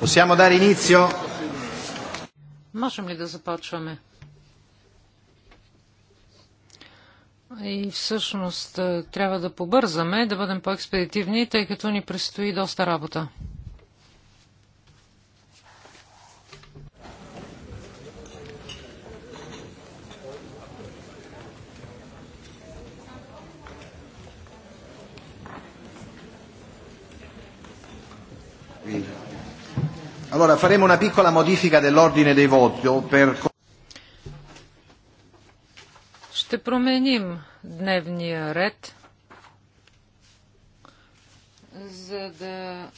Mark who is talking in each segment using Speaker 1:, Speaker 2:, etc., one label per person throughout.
Speaker 1: Possiamo dare inizio?
Speaker 2: Можем ли да започваме? И всъщност е, трябва да побързаме, да бъдем по-експедитивни, тъй като ни предстои доста работа.
Speaker 1: Allora faremo una piccola modifica dell'ordine dei voti per...
Speaker 2: Ще променим дневния ред, за да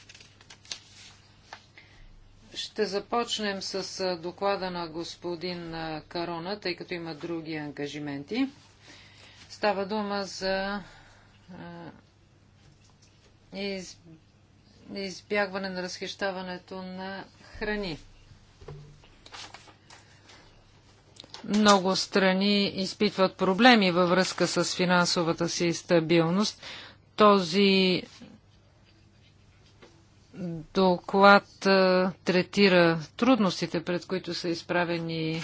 Speaker 2: ще започнем с доклада на господин Карона, тъй като има други ангажименти. Става дума за избягване на разхищаването на храни. Много страни изпитват проблеми във връзка с финансовата си стабилност. Този доклад третира трудностите, пред които са изправени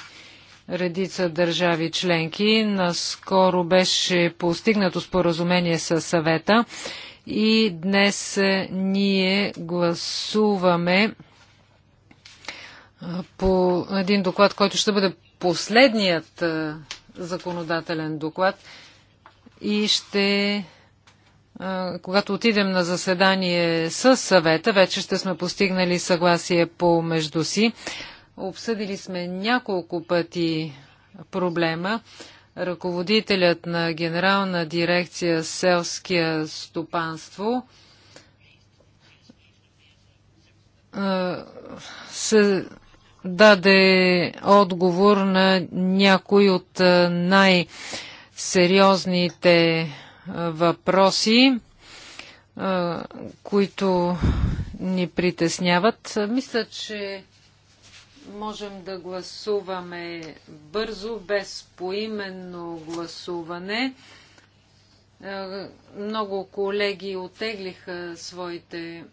Speaker 2: редица държави членки. Наскоро беше постигнато споразумение с съвета и днес е, ние гласуваме е, по един доклад, който ще бъде последният е, законодателен доклад. И ще когато отидем на заседание с съвета, вече ще сме постигнали съгласие по между си. Обсъдили сме няколко пъти проблема ръководителят на Генерална дирекция селския стопанство се даде отговор на някой от най-сериозните въпроси, които ни притесняват. Мисля, че Можем да гласуваме бързо, без поименно гласуване. Е, много колеги отеглиха своите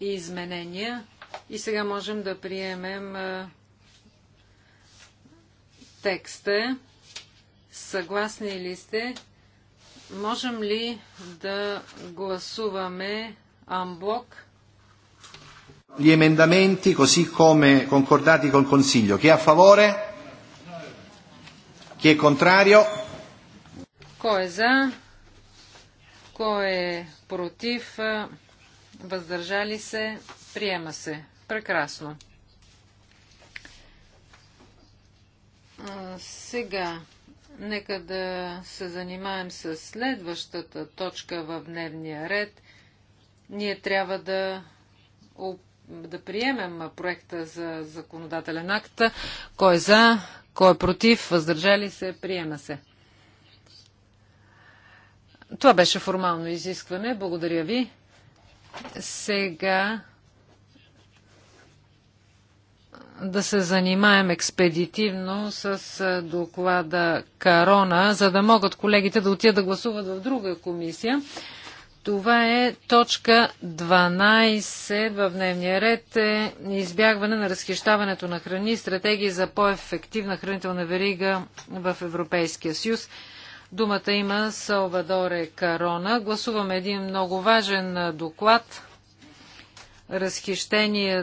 Speaker 2: изменения и сега можем да приемем е, текста. Съгласни ли сте? Можем ли да гласуваме амблок
Speaker 1: gli emendamenti così come concordati col Consiglio. Chi è a favore? Chi è contrario?
Speaker 2: Кой е за? Кой е против? Въздържали се? Приема се. Прекрасно. Сега, нека да се занимаем с следващата точка в дневния ред. Ние трябва да да приемем проекта за законодателен акт. Кой е за, кой е против, въздържали се, приема се. Това беше формално изискване. Благодаря ви. Сега да се занимаем експедитивно с доклада Карона, за да могат колегите да отидат да гласуват в друга комисия. Това е точка 12 в дневния ред. Е избягване на разхищаването на храни, стратегии за по-ефективна хранителна верига в Европейския съюз. Думата има Салвадоре Карона. Гласуваме един много важен доклад.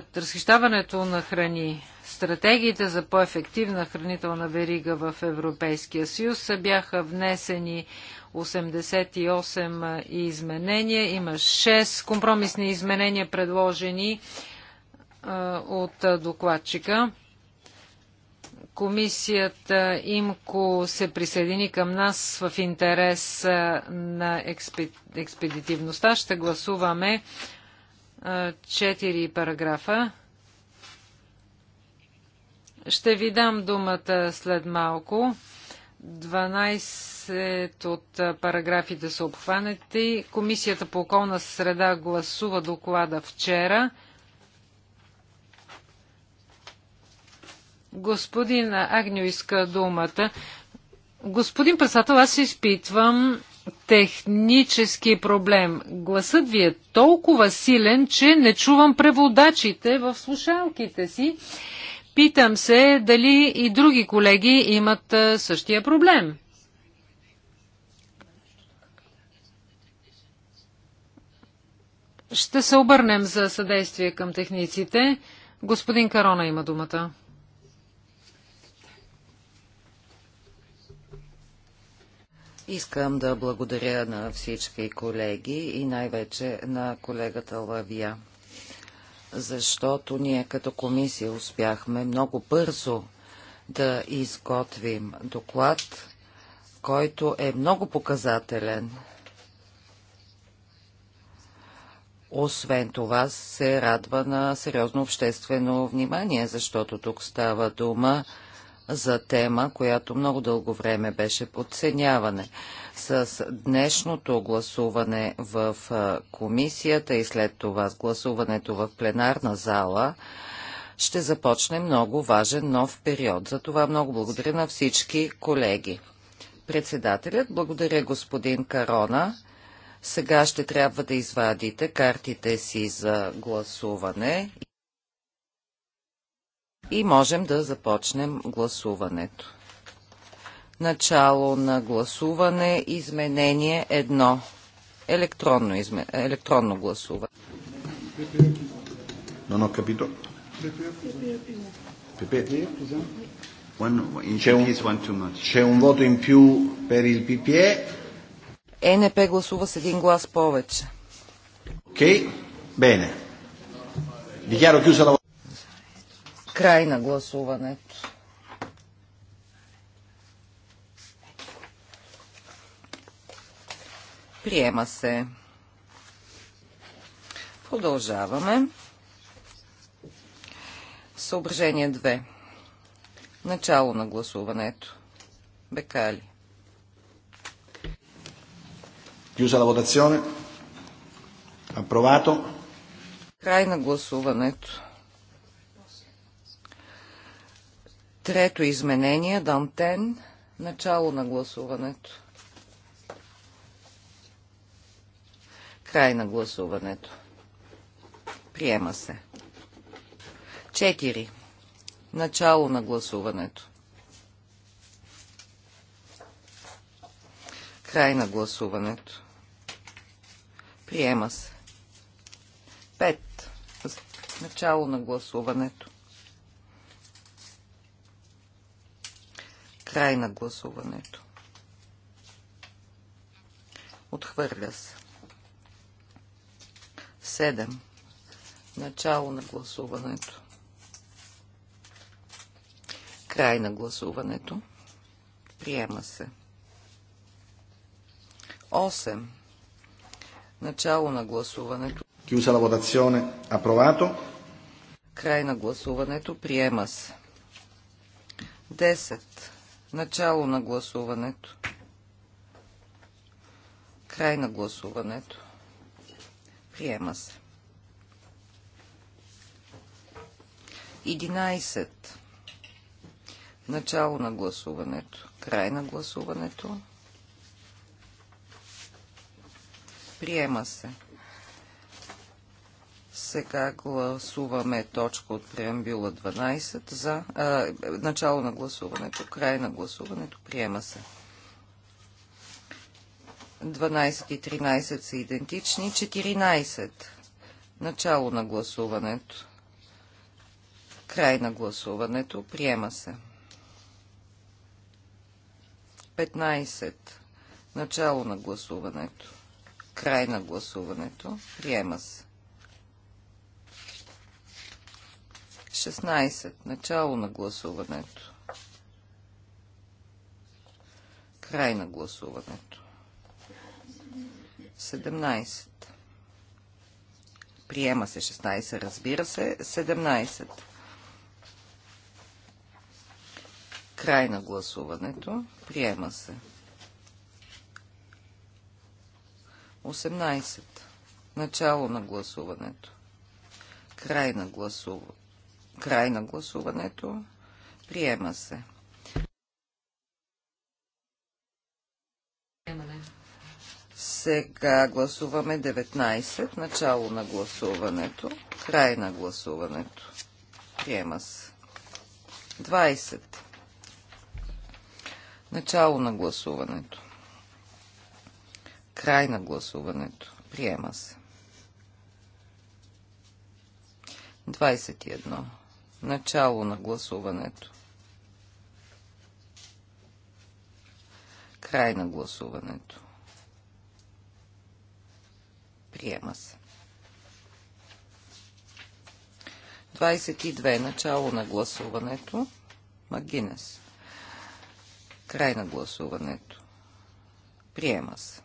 Speaker 2: Разхищаването на храни стратегиите за по-ефективна хранителна верига в Европейския съюз бяха внесени 88 изменения. Има 6 компромисни изменения, предложени от докладчика. Комисията ИМКО се присъедини към нас в интерес на експедитивността. Ще гласуваме 4 параграфа. Ще ви дам думата след малко. 12 от параграфите са обхванати. Комисията по околна среда гласува доклада вчера. Господин Агню иска думата. Господин Пасател, аз изпитвам технически проблем. Гласът ви е толкова силен, че не чувам преводачите в слушалките си Питам се дали и други колеги имат същия проблем. Ще се обърнем за съдействие към техниците. Господин Карона има думата.
Speaker 3: Искам да благодаря на всички колеги и най-вече на колегата Лавия защото ние като комисия успяхме много бързо да изготвим доклад, който е много показателен. Освен това се радва на сериозно обществено внимание, защото тук става дума за тема, която много дълго време беше подценяване. С днешното гласуване в комисията и след това с гласуването в пленарна зала ще започне много важен нов период. За това много благодаря на всички колеги. Председателят, благодаря господин Карона. Сега ще трябва да извадите картите си за гласуване и можем да започнем гласуването. Начало на гласуване. Изменение 1. Електронно, изме... електронно гласуване.
Speaker 1: Non ho capito. Pepe? C'è un voto in più per il PPE. гласува с един глас повече. Окей, бене.
Speaker 3: Край на гласуването. Приема се. Продължаваме. Съображение 2. Начало на гласуването. Бекали. Chiusa на водационе. Апровато. Край на гласуването. Трето изменение, Дантен. Начало на гласуването. Край на гласуването. Приема се. 4. Начало на гласуването. Край на гласуването. Приема се. 5. Начало на гласуването. Край на гласуването. Отхвърля се. 7. Начало на гласуването. Край на
Speaker 1: гласуването. Приема се.
Speaker 3: 8. Начало на гласуването.
Speaker 1: Кюса лаводационе. Апровато.
Speaker 3: Край на гласуването.
Speaker 1: Приема се.
Speaker 3: 10. Начало на гласуването. Край на гласуването. Приема се. 11. Начало на гласуването. Край на гласуването. Приема се. Сега гласуваме точка от преамбюла 12 за а, е, начало на гласуването, край на гласуването, приема се. 12 и 13 са идентични. 14. Начало на гласуването. Край на гласуването. Приема се. 15. Начало на гласуването. Край на гласуването. Приема се. 16. Начало на гласуването. Край на гласуването. 17. Приема се 16, разбира се. 17. Край на гласуването. Приема се. 18. Начало на гласуването. Край на, гласу... Край на гласуването. Приема се. Сега гласуваме 19. Начало на гласуването. Край на гласуването. Приема се. 20. Начало на гласуването. Край на гласуването. Приема се. 21. Начало на гласуването. Край на гласуването. Приема се. 22. Начало на гласуването. Магинес. Край на гласуването. Приема се.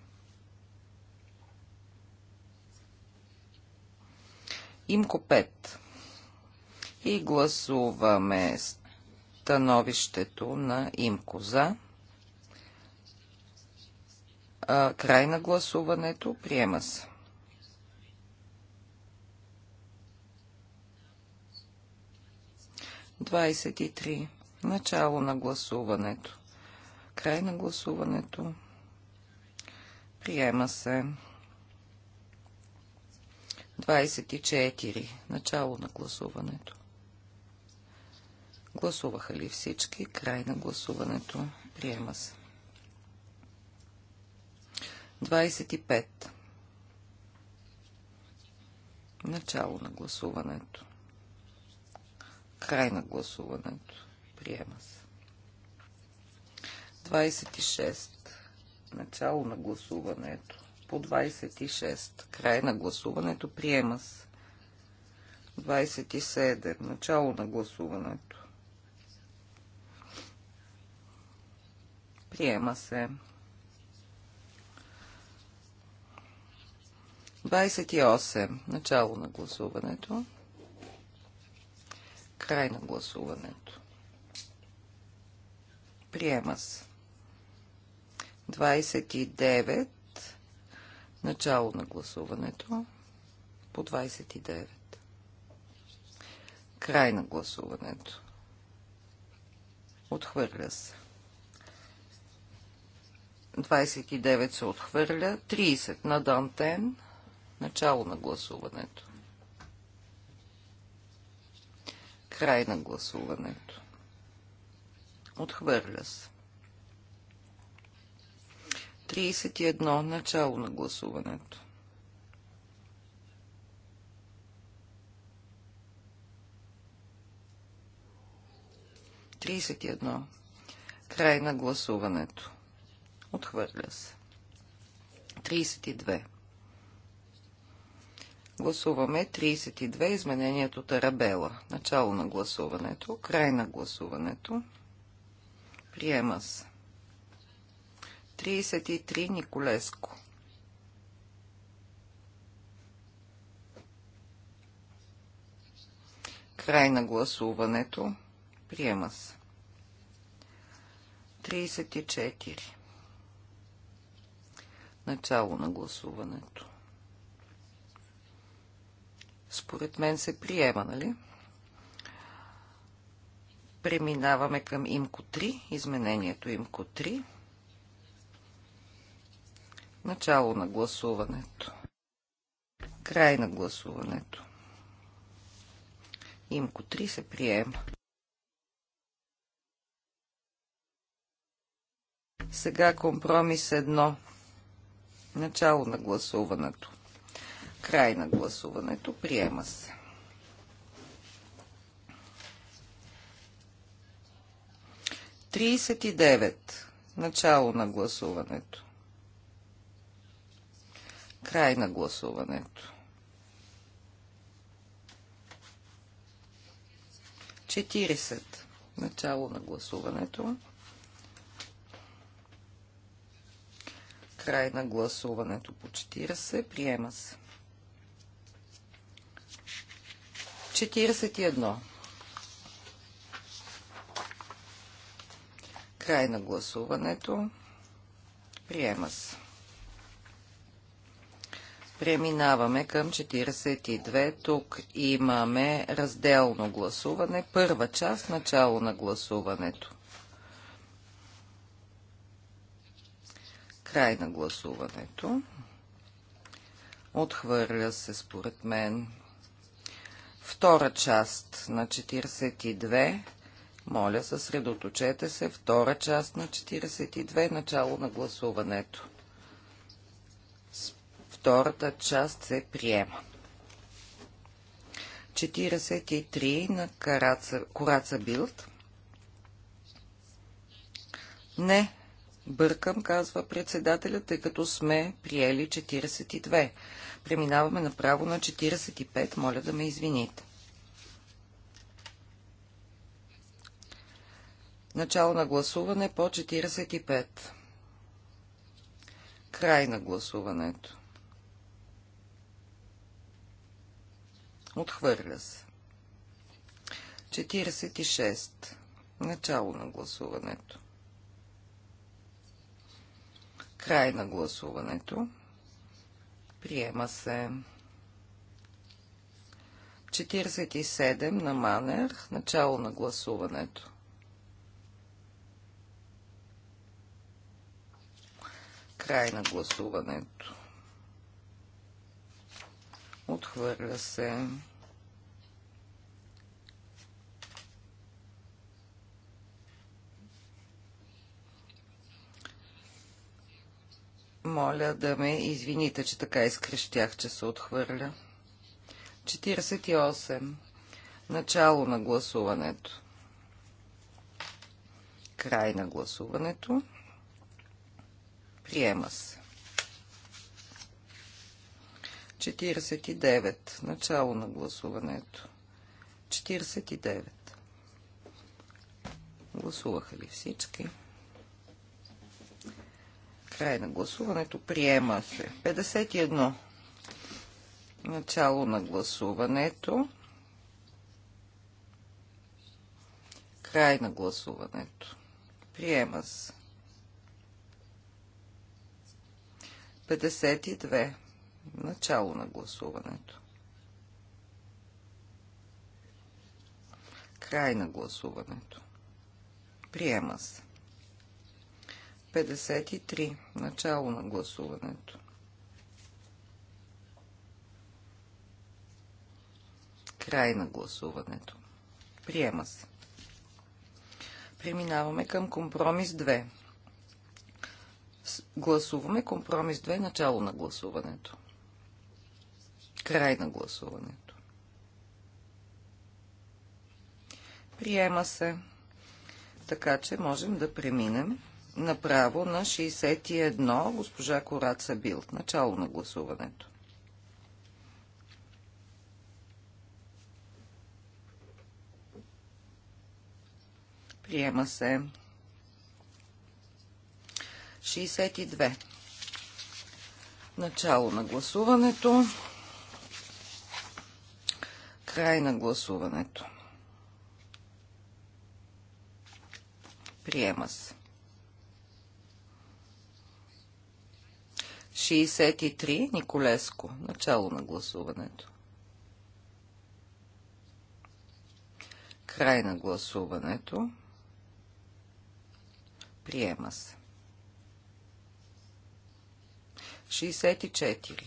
Speaker 3: Имко 5. И гласуваме становището на Имко за. край на гласуването. Приема се. 23. Начало на гласуването. Край на гласуването. Приема се. 24. Начало на гласуването. Гласуваха ли всички? Край на гласуването. Приема се. 25. Начало на гласуването. Край на гласуването. Приема се. 26. Начало на гласуването. По 26. Край на гласуването. Приема се. 27. Начало на гласуването. Приема се. 28. Начало на гласуването. Край на гласуването. Приема се. 29. Начало на гласуването. По 29. Край на гласуването. Отхвърля се. 29 се отхвърля. 30 на Дантен. Начало на гласуването. Край на гласуването. Отхвърля се. 31. Начало на гласуването. Тридесет и едно. Край на гласуването. Отхвърля се. 32. Гласуваме 32 изменението Тарабела. Начало на гласуването, край на гласуването. Приема се. 33 Николеско. Край на гласуването. Приема се. 34. Начало на гласуването според мен се приема, нали? Преминаваме към имко 3, изменението имко 3. Начало на гласуването. Край на гласуването. Имко 3 се приема. Сега компромис 1. Начало на гласуването. Край на гласуването. Приема се. Тридесет и девет. Начало на гласуването. Край на гласуването. 40. Начало на гласуването. Край на гласуването по 40. Приема се. 41. Край на гласуването. Приема се. Преминаваме към 42. Тук имаме разделно гласуване. Първа част, начало на гласуването. Край на гласуването. Отхвърля се според мен. Втора част на 42. Моля, съсредоточете се. Втора част на 42. Начало на гласуването. Втората част се приема. 43 на Караца, Кораца Билд. Не, Бъркам, казва председателят, тъй като сме приели 42. Преминаваме направо на 45. Моля да ме извините. Начало на гласуване по 45. Край на гласуването. Отхвърля се. 46. Начало на гласуването. Край на гласуването. Приема се 47 на Манер. Начало на гласуването. Край на гласуването. Отхвърля се. Моля да ме извините, че така изкрещях, че се отхвърля. 48. Начало на гласуването. Край на гласуването. Приема се. 49. Начало на гласуването. 49. Гласуваха ли всички? Край на гласуването. Приема се. 51. Начало на гласуването. Край на гласуването. Приема се. 52. Начало на гласуването. Край на гласуването. Приема се. 53. Начало на гласуването. Край на гласуването. Приема се. Преминаваме към компромис 2. Гласуваме компромис 2. Начало на гласуването. Край на гласуването. Приема се. Така че можем да преминем направо на 61 госпожа Кораца Билт. Начало на гласуването. Приема се 62. Начало на гласуването. Край на гласуването. Приема се. 63 Николеско. Начало на гласуването. Край на гласуването. Приема се. 64.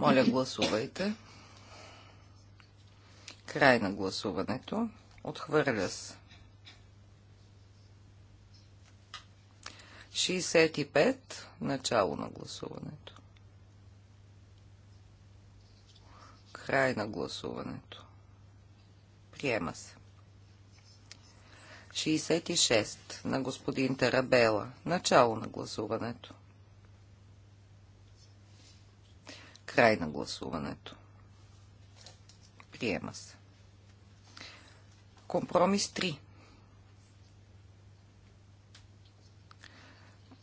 Speaker 3: Моля, гласувайте. Край на гласуването. Отхвърля се. 65. Начало на гласуването. Край на гласуването. Приема се. 66 на господин Тарабела. Начало на гласуването. Край на гласуването. Приема се. Компромис 3.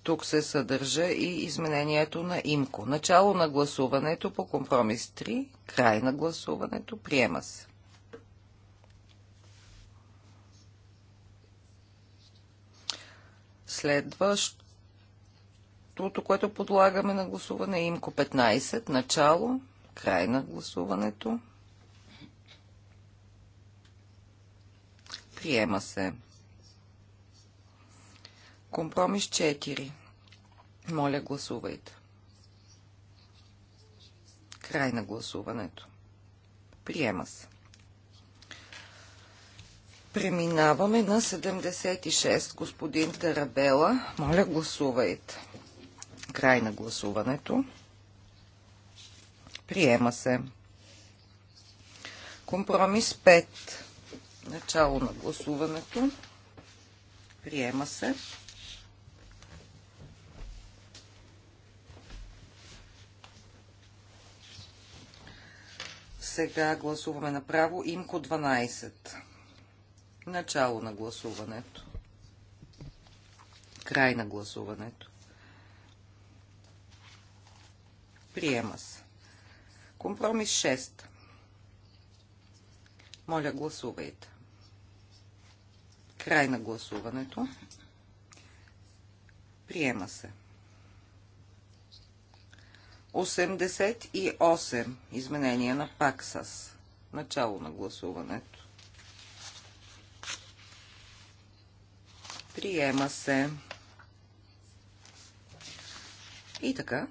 Speaker 3: Тук се съдържа и изменението на имко. Начало на гласуването по компромис 3, край на гласуването, приема се. Следващото, което подлагаме на гласуване е имко 15, начало, край на гласуването. Приема се. Компромис 4. Моля, гласувайте. Край на гласуването. Приема се. Преминаваме на 76. Господин Тарабела, моля, гласувайте. Край на гласуването. Приема се. Компромис 5. Начало на гласуването. Приема се. Сега гласуваме направо имко 12. Начало на гласуването. Край на гласуването. Приема се. Компромис 6. Моля, гласувайте. Край на гласуването. Приема се. 88. Изменение на ПАКСАС. Начало на гласуването. Приема се. И така.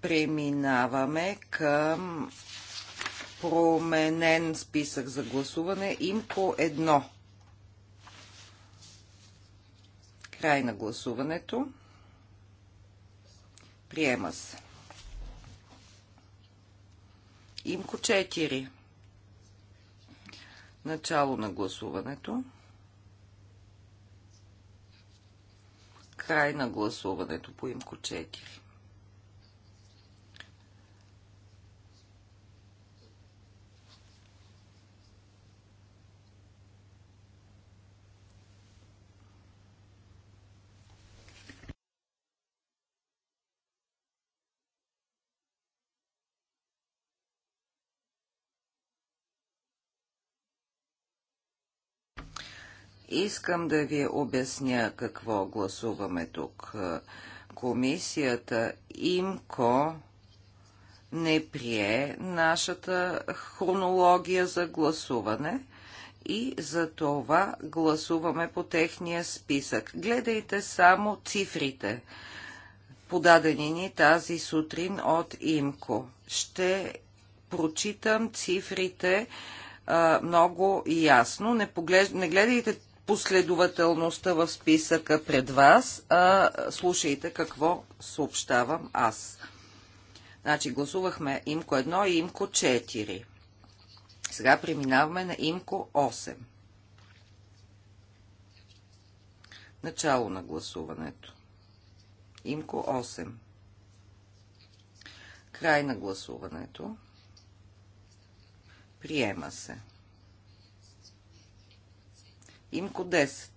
Speaker 3: Преминаваме към променен списък за гласуване. Имко 1. Край на гласуването. Приема се. Имко 4. Начало на гласуването. Край на гласуването по имко 4. Искам да ви обясня какво гласуваме тук. Комисията ИМКО не прие нашата хронология за гласуване и за това гласуваме по техния списък. Гледайте само цифрите, подадени ни тази сутрин от ИМКО. Ще прочитам цифрите а, много ясно. Не, поглеж... не гледайте последователността в списъка пред вас, а слушайте какво съобщавам аз. Значи гласувахме имко 1 и имко 4. Сега преминаваме на имко 8. Начало на гласуването. Имко 8. Край на гласуването. Приема се. Имко 10.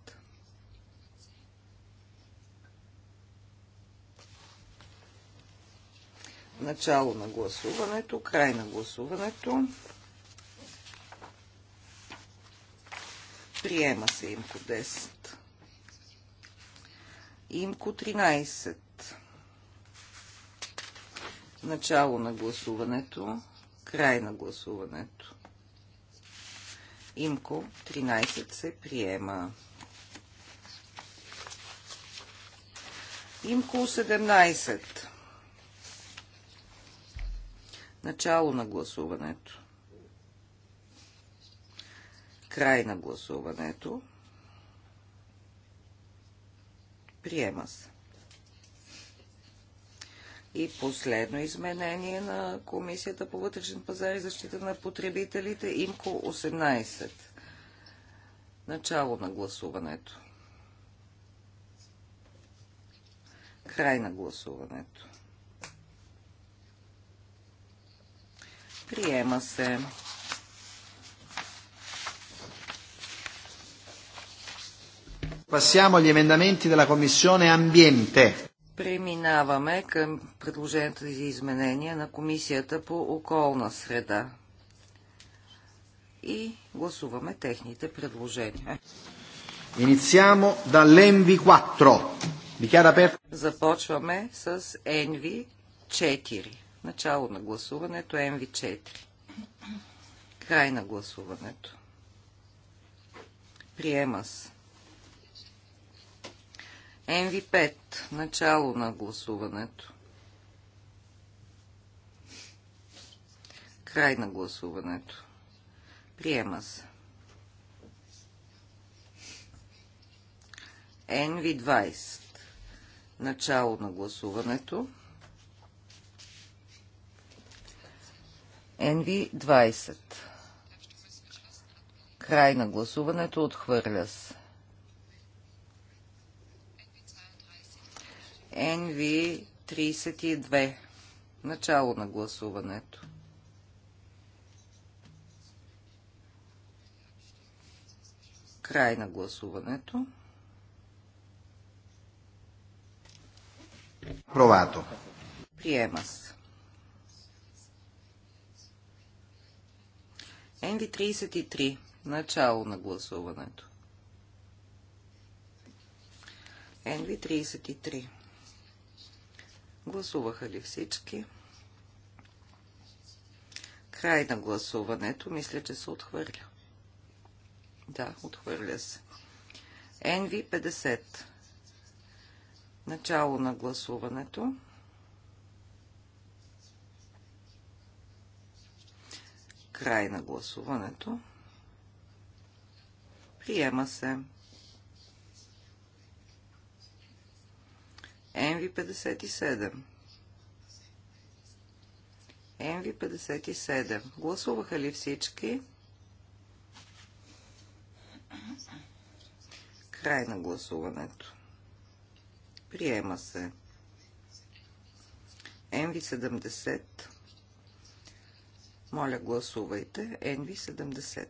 Speaker 3: Начало на гласуването, край на гласуването. Приема се имко 10. Имко 13. Начало на гласуването, край на гласуването. Имко 13 се приема. Имко 17. Начало на гласуването. Край на гласуването. Приема се. И последно изменение на Комисията по вътрешен пазар и защита на потребителите, ИМКО 18. Начало на гласуването. Край на гласуването. Приема се.
Speaker 1: Passiamo agli emendamenti della Commissione Ambiente.
Speaker 3: Преминаваме към предложението за изменение на Комисията по околна среда. И гласуваме техните предложения.
Speaker 1: Iniziamo dall'NV4. Dichiara
Speaker 3: Започваме с НВ 4 Начало на гласуването е NV4. Край на гласуването. Приема се. МВ5. Начало на гласуването. Край на гласуването. Приема се. NV20. Начало на гласуването. NV20. Край на гласуването. Отхвърля се. NV32. Начало на гласуването. Край на гласуването. Провато. Приема се. NV33. Начало на гласуването. NV33. Гласуваха ли всички? Край на гласуването. Мисля, че се отхвърля. Да, отхвърля се. NV 50. Начало на гласуването. Край на гласуването. Приема се. mv 57 mv 57 Гласуваха ли всички? Край на гласуването. Приема се. mv 70 Моля, гласувайте. НВ-70.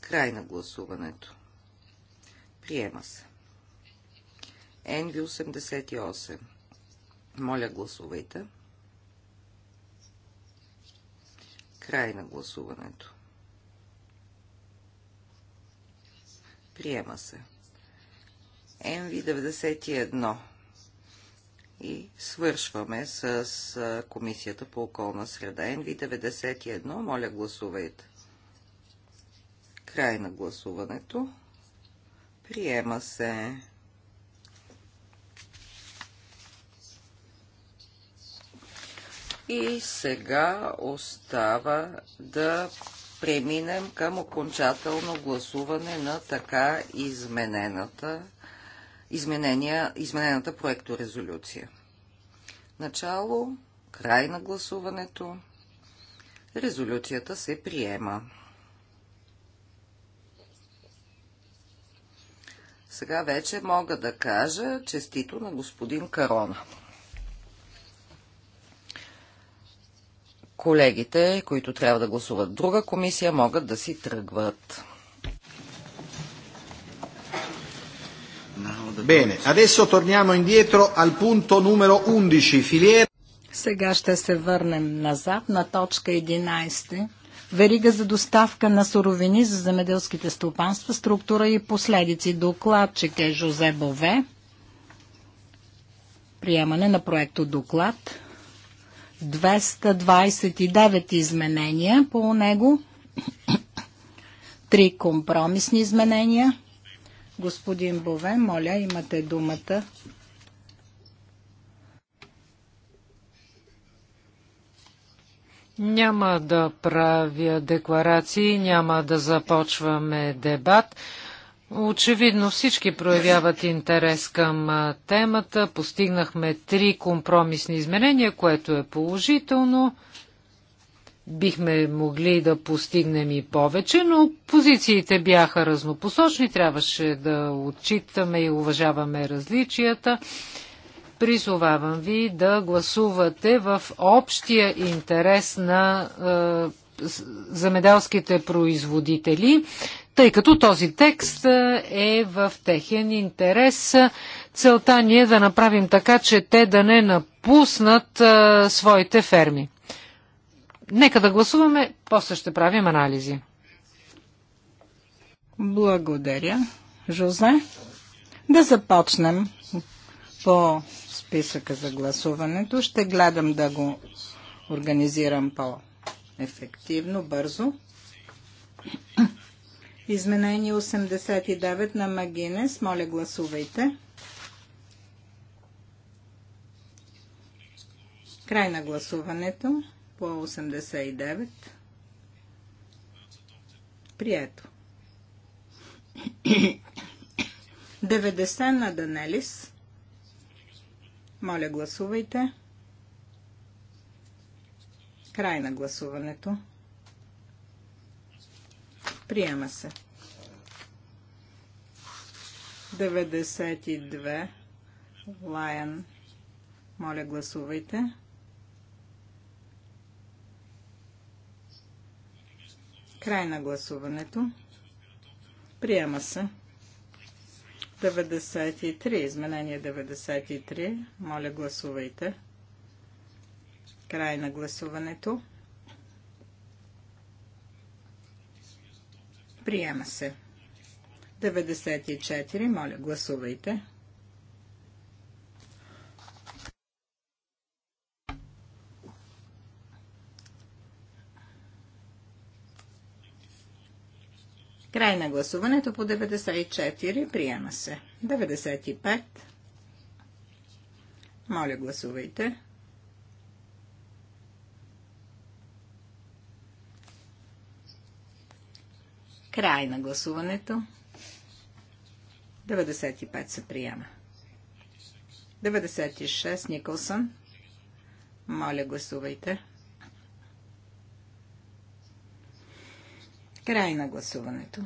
Speaker 3: Край на гласуването. Приема се. NV88. Моля, гласувайте. Край на гласуването. Приема се. NV91. И свършваме с Комисията по околна среда. NV91. Моля, гласувайте. Край на гласуването. Приема се. И сега остава да преминем към окончателно гласуване на така изменената, изменения, изменената проекторезолюция. Начало, край на гласуването. Резолюцията се приема. Сега вече мога да кажа честито на господин Карона. Колегите, които трябва да гласуват друга комисия, могат да си тръгват.
Speaker 1: Bene, adesso torniamo indietro al punto numero 11, filiera.
Speaker 4: Сега ще се върнем назад на точка 11 верига за доставка на суровини за земеделските стопанства, структура и последици. Докладчик е Жозе Бове. Приемане на проекто доклад. 229 изменения по него. Три компромисни изменения. Господин Бове, моля, имате думата
Speaker 2: Няма да правя декларации, няма да започваме дебат. Очевидно всички проявяват интерес към темата. Постигнахме три компромисни изменения, което е положително. Бихме могли да постигнем и повече, но позициите бяха разнопосочни. Трябваше да отчитаме и уважаваме различията. Призовавам ви да гласувате в общия интерес на е, замеделските производители, тъй като този текст е, е в техен интерес. Целта ни е да направим така, че те да не напуснат е, своите ферми. Нека да гласуваме, после ще правим
Speaker 4: анализи. Благодаря, Жозе. Да започнем по списъка за гласуването. Ще гледам да го организирам по-ефективно, бързо. Изменение 89 на Магинес. Моля, гласувайте. Край на гласуването по 89. Прието. 90 на Данелис. Моля, гласувайте. Край на гласуването. Приема се. 92 Lion. Моля, гласувайте. Край на гласуването. Приема се. 93. Изменение 93. Моля, гласувайте. Край на гласуването. Приема се. 94. Моля, гласувайте. Край на гласуването по 94. Приема се. 95. Моля, гласувайте. Край на гласуването. 95 се приема. 96. Николсън. Моля, гласувайте. Край на гласуването.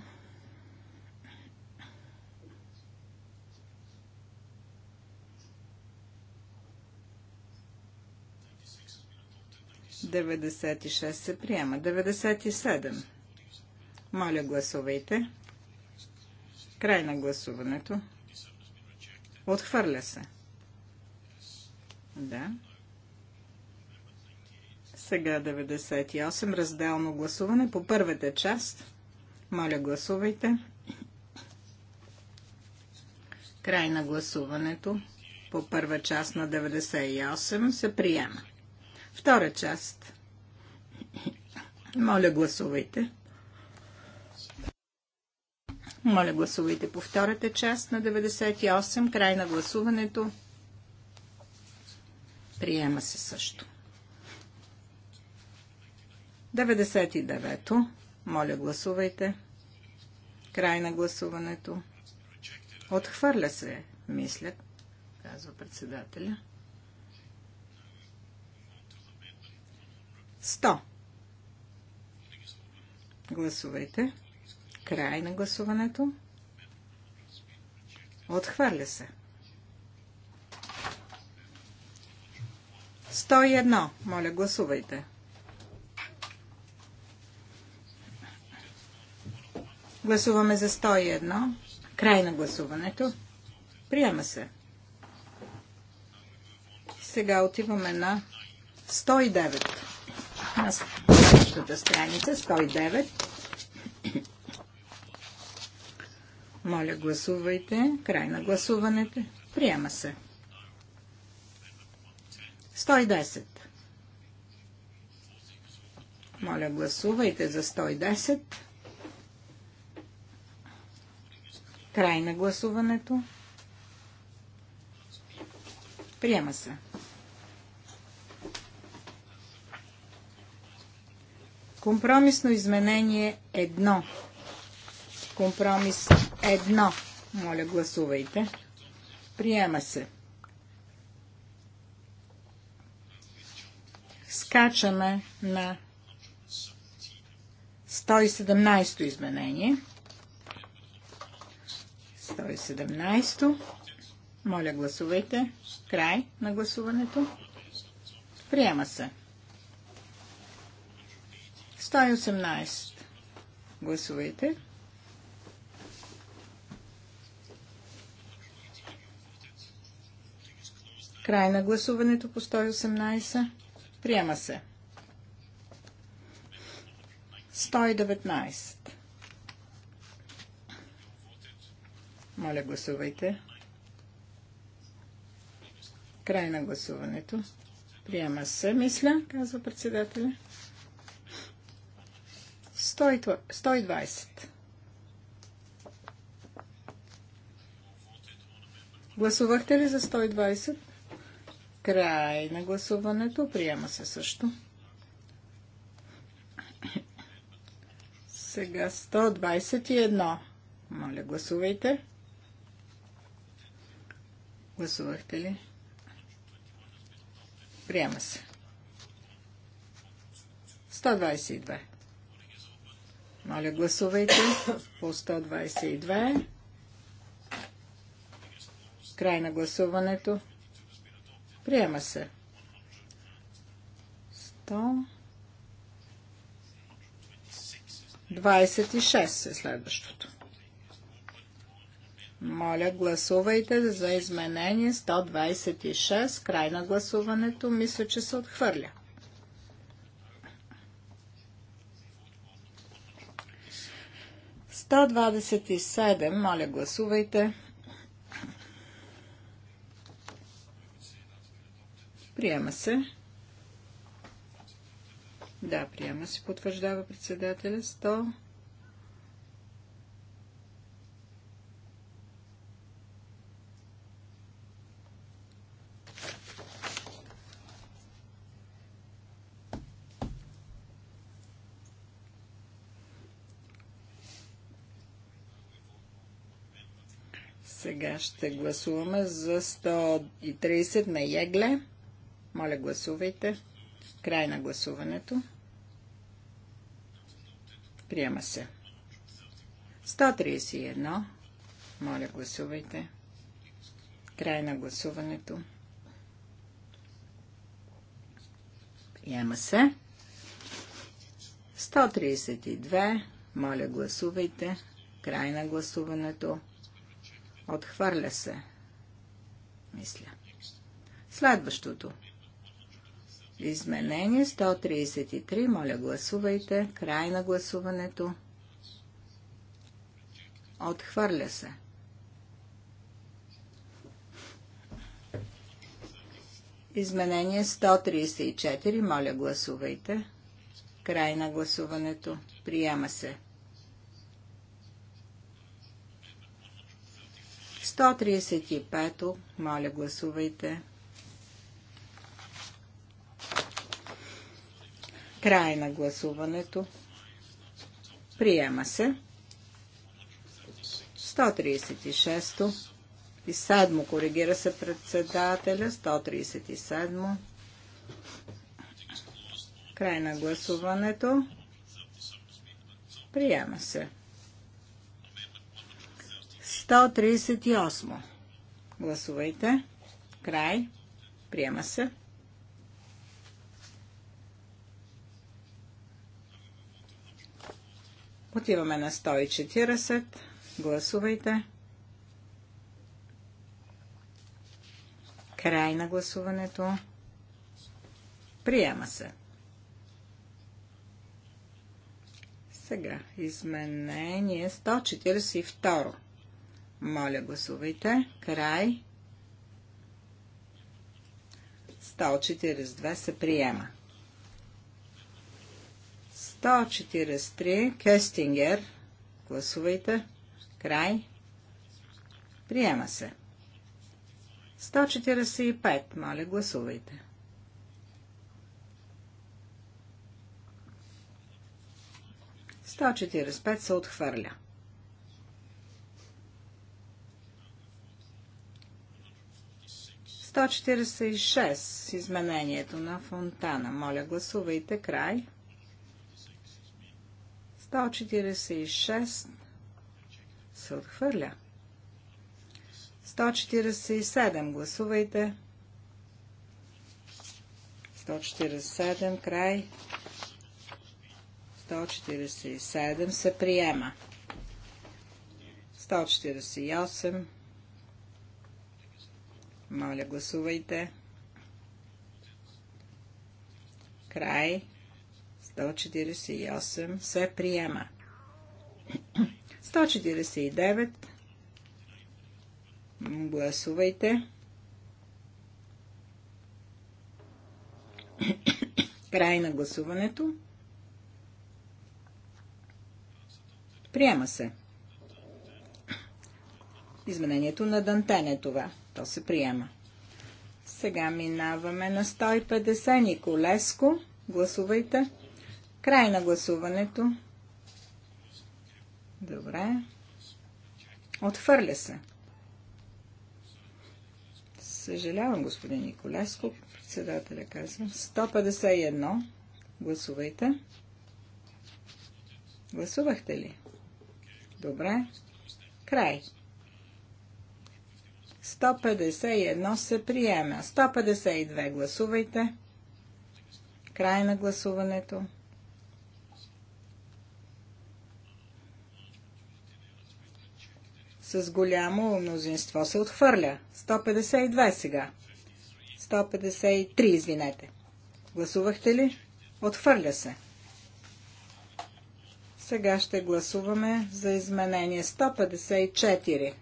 Speaker 4: Деветдесет и шест се приема. Деветдесет и седем. Моля, гласувайте. Край на гласуването. Отхвърля се. Да. Сега 98. Разделно гласуване по първата част. Моля, гласувайте. Край на гласуването по първа част на 98 се приема. Втора част. Моля, гласувайте. Моля, гласувайте по втората част на 98. Край на гласуването. Приема се също. 99-то. Моля, гласувайте. Край на гласуването. Отхвърля се, мисля, казва председателя. 100. Гласувайте. Край на гласуването. Отхвърля се. 101. Моля, гласувайте. 101. Гласуваме за 101. Край на гласуването. Приема се. Сега отиваме на 109. На следващата страница 109. Моля, гласувайте. Край на гласуването. Приема се. 110. Моля, гласувайте за 110. Край на гласуването. Приема се. Компромисно изменение 1. Компромис 1. Моля, гласувайте. Приема се. Скачаме на 117-то изменение. 117. Моля, гласувайте. Край на гласуването. Приема се. 118. Гласувайте. Край на гласуването по 118. Приема се. 119. Моля, гласувайте. Край на гласуването. Приема се, мисля, казва председателя. 120. Гласувахте ли за 120? Край на гласуването. Приема се също. Сега 121. Моля, гласувайте. Гласувахте ли? Приема се. 122. Моля, гласувайте по 122. Край на гласуването. Приема се. 100. 26 е следващото. Моля, гласувайте за изменение 126. Край на гласуването. Мисля, че се отхвърля. Сто двадесет и седем. Моля, гласувайте. Приема се. Да, приема се, потвърждава председателя. 100. Сега ще гласуваме за 130 на Егле. Моля, гласувайте. Край на гласуването. Приема се. 131. Моля, гласувайте. Край на гласуването. Приема се. 132. Моля, гласувайте. Край на гласуването. Отхвърля се. Мисля. Следващото. Изменение 133. Моля, гласувайте. Край на гласуването. Отхвърля се. Изменение 134. Моля, гласувайте. Край на гласуването. Приема се. 135-то. Моля, гласувайте. Край на гласуването. Приема се. 136-то. И седмо коригира се председателя. 137. Край на гласуването. Приема се. 138. Гласувайте. Край. Приема се. Отиваме на 140. Гласувайте. Край на гласуването. Приема се. Сега изменение 142. Моля, гласувайте. Край. 142 се приема. 143. Кестингер. Гласувайте. Край. Приема се. 145. Моля, гласувайте. Сто се отхвърля. 146 изменението на Фонтана. Моля, гласувайте край. 146 се отхвърля. 147 гласувайте. 147 край. 147 се приема. 148 моля, гласувайте. Край. 148 се приема. 149. Гласувайте. Край на гласуването. Приема се. Изменението на Дантен е това. То се приема. Сега минаваме на 150. Николеско. Гласувайте. Край на гласуването. Добре. Отфърля се. Съжалявам, господин Николеско. Председателя казвам. 151. Гласувайте. Гласувахте ли? Добре. Край 151 се приема. 152 гласувайте. Край на гласуването. С голямо мнозинство се отхвърля. 152 сега. 153, извинете. Гласувахте ли? Отхвърля се. Сега ще гласуваме за изменение 154.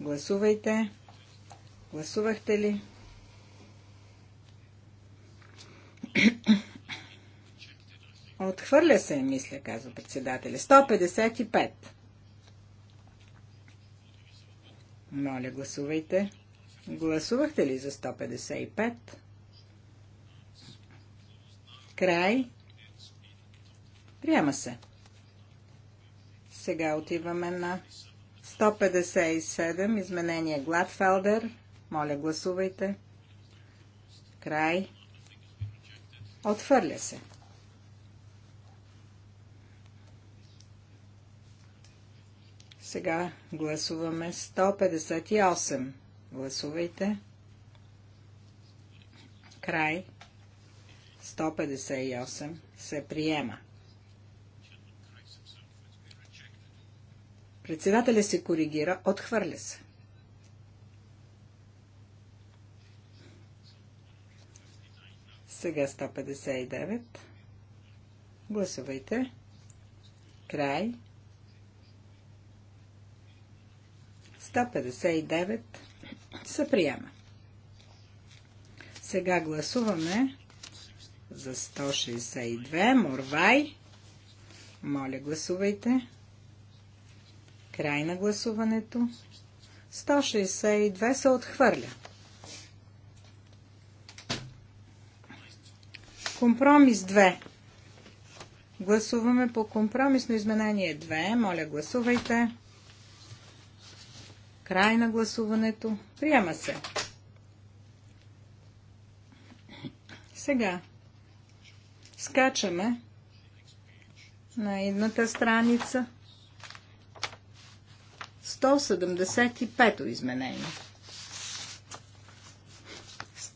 Speaker 4: Гласувайте. Гласувахте ли? Отхвърля се, мисля, казва председателя. 155. Моля, гласувайте. Гласувахте ли за 155? Край. Приема се. Сега отиваме на 157, изменение Гладфелдер. Моля, гласувайте. Край. Отхвърля се. Сега гласуваме 158. Гласувайте. Край. 158 се приема. Председателя се коригира, отхвърля се. Сега 159. Гласувайте. Край. 159 се приема. Сега гласуваме за 162. Морвай. Моля, гласувайте. Край на гласуването. 162 се отхвърля. Компромис 2. Гласуваме по компромисно изменение 2. Моля, гласувайте. Край на гласуването. Приема се. Сега скачаме на едната страница. 175-то изменение.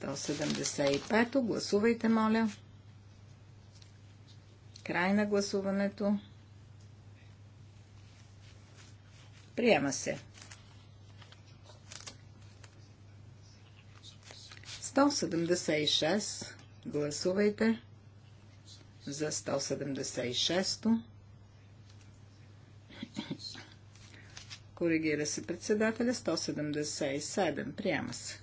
Speaker 4: 175-то. Гласувайте, моля. Край на гласуването. Приема се. 176. Гласувайте за 176-то. Коригира се председателя. 177. Приема се.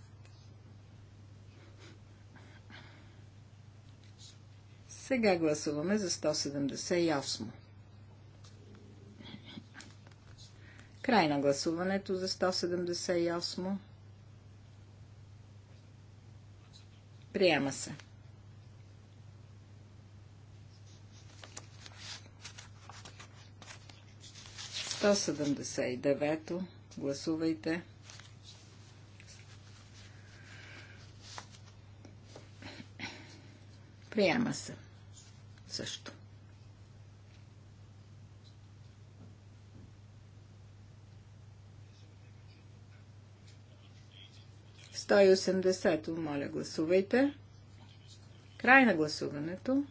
Speaker 4: Сега гласуваме за 178. Край на гласуването за 178. Приема се. 179-то. Гласувайте. Приема се. Също. 180-то моля гласувайте. Край на гласуването.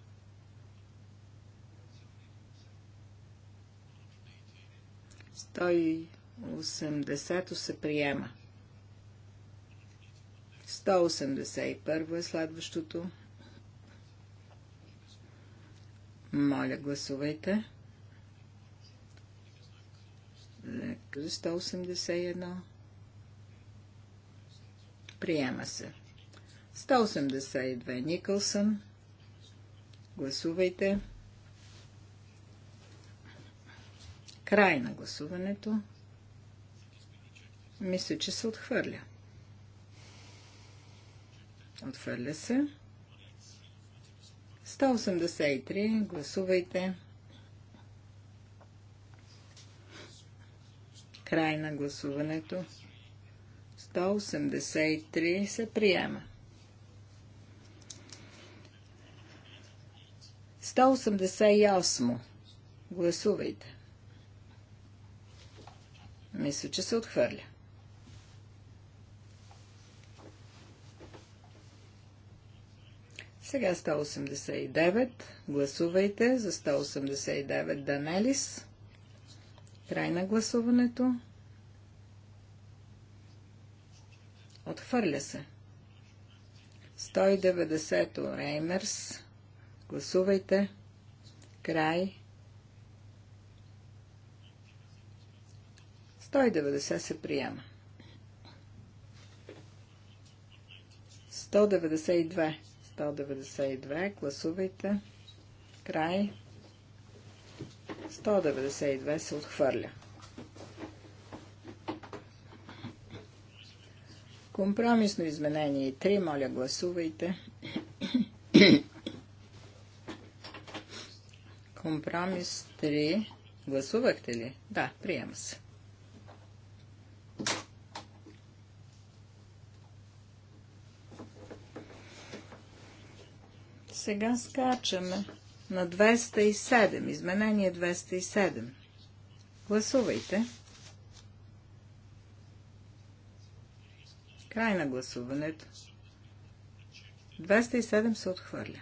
Speaker 4: 180 се приема. 181 е следващото. Моля, гласувайте. 181. Приема се. 182 Никълсън. Гласувайте. Гласувайте. Край на гласуването. Мисля, че се отхвърля. Отхвърля се. 183. Гласувайте. Край на гласуването. 183 се приема. 188. Гласувайте. Мисля, че се отхвърля. Сега 189. Гласувайте за 189 Данелис. Край на гласуването. Отхвърля се. 190 Реймерс. Гласувайте. Край. 190 се приема. 192. 192. Гласувайте. Край. 192 се отхвърля. Компромисно изменение 3. Моля, гласувайте. Компромис 3.
Speaker 3: Гласувахте ли?
Speaker 4: Да, приема се. Сега скачаме на 207. Изменение 207. Гласувайте. Край на гласуването. 207 се отхвърля.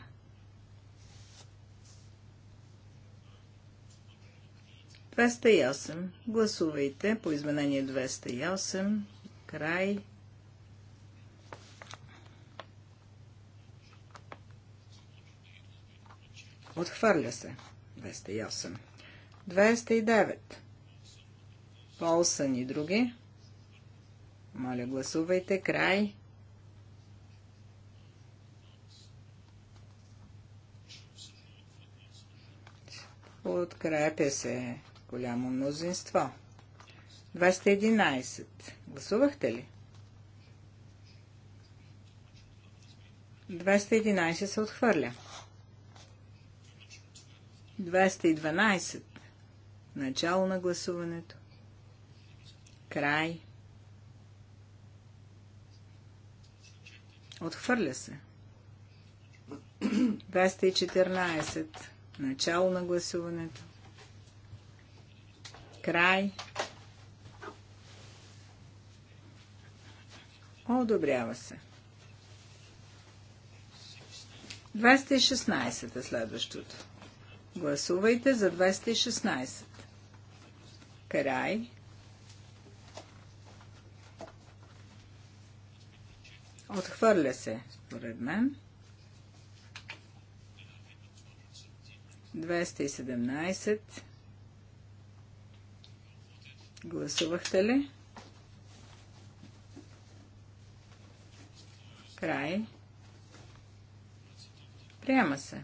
Speaker 4: Гласувайте по изменение 208. Край Отхвърля се. 208. 209. Полсън и други. Моля, гласувайте. Край. Подкрепя се голямо мнозинство. 211. Гласувахте ли? 211 се отхвърля. 212. 212. Начало на гласуването. Край. Отхвърля се. 214. Начало на гласуването. Край. Одобрява се. 216 е следващото. Гласувайте за 216. Край. Отхвърля се, според мен. 217. Гласувахте ли? Край. Приема се.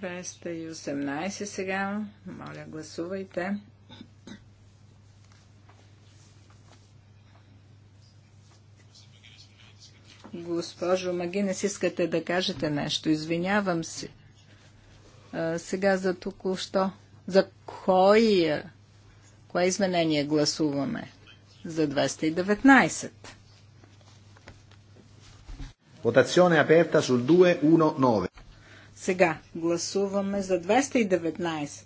Speaker 4: 218 сега. Моля, гласувайте. Госпожо Магинес, искате да кажете нещо. Извинявам се. А, сега за току-що. За кой, кое изменение гласуваме? За 219.
Speaker 1: Votazione aperta sul 219.
Speaker 4: Сега гласуваме за 219.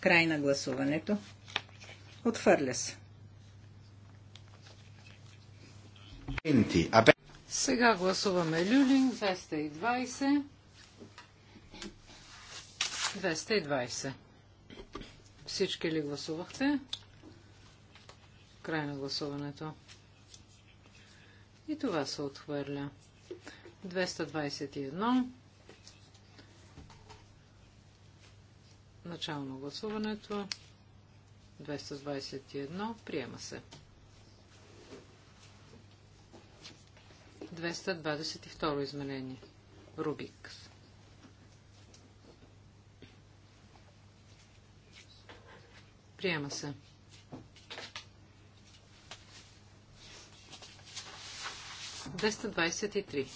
Speaker 4: Край на гласуването. Отхвърля се.
Speaker 2: Сега гласуваме Люлин 220. 220. Всички ли гласувахте? Край на гласуването. И това се отхвърля. 221. Начало на гласуването. 221. Приема се. 222 изменение. Рубик. Приема се. 223.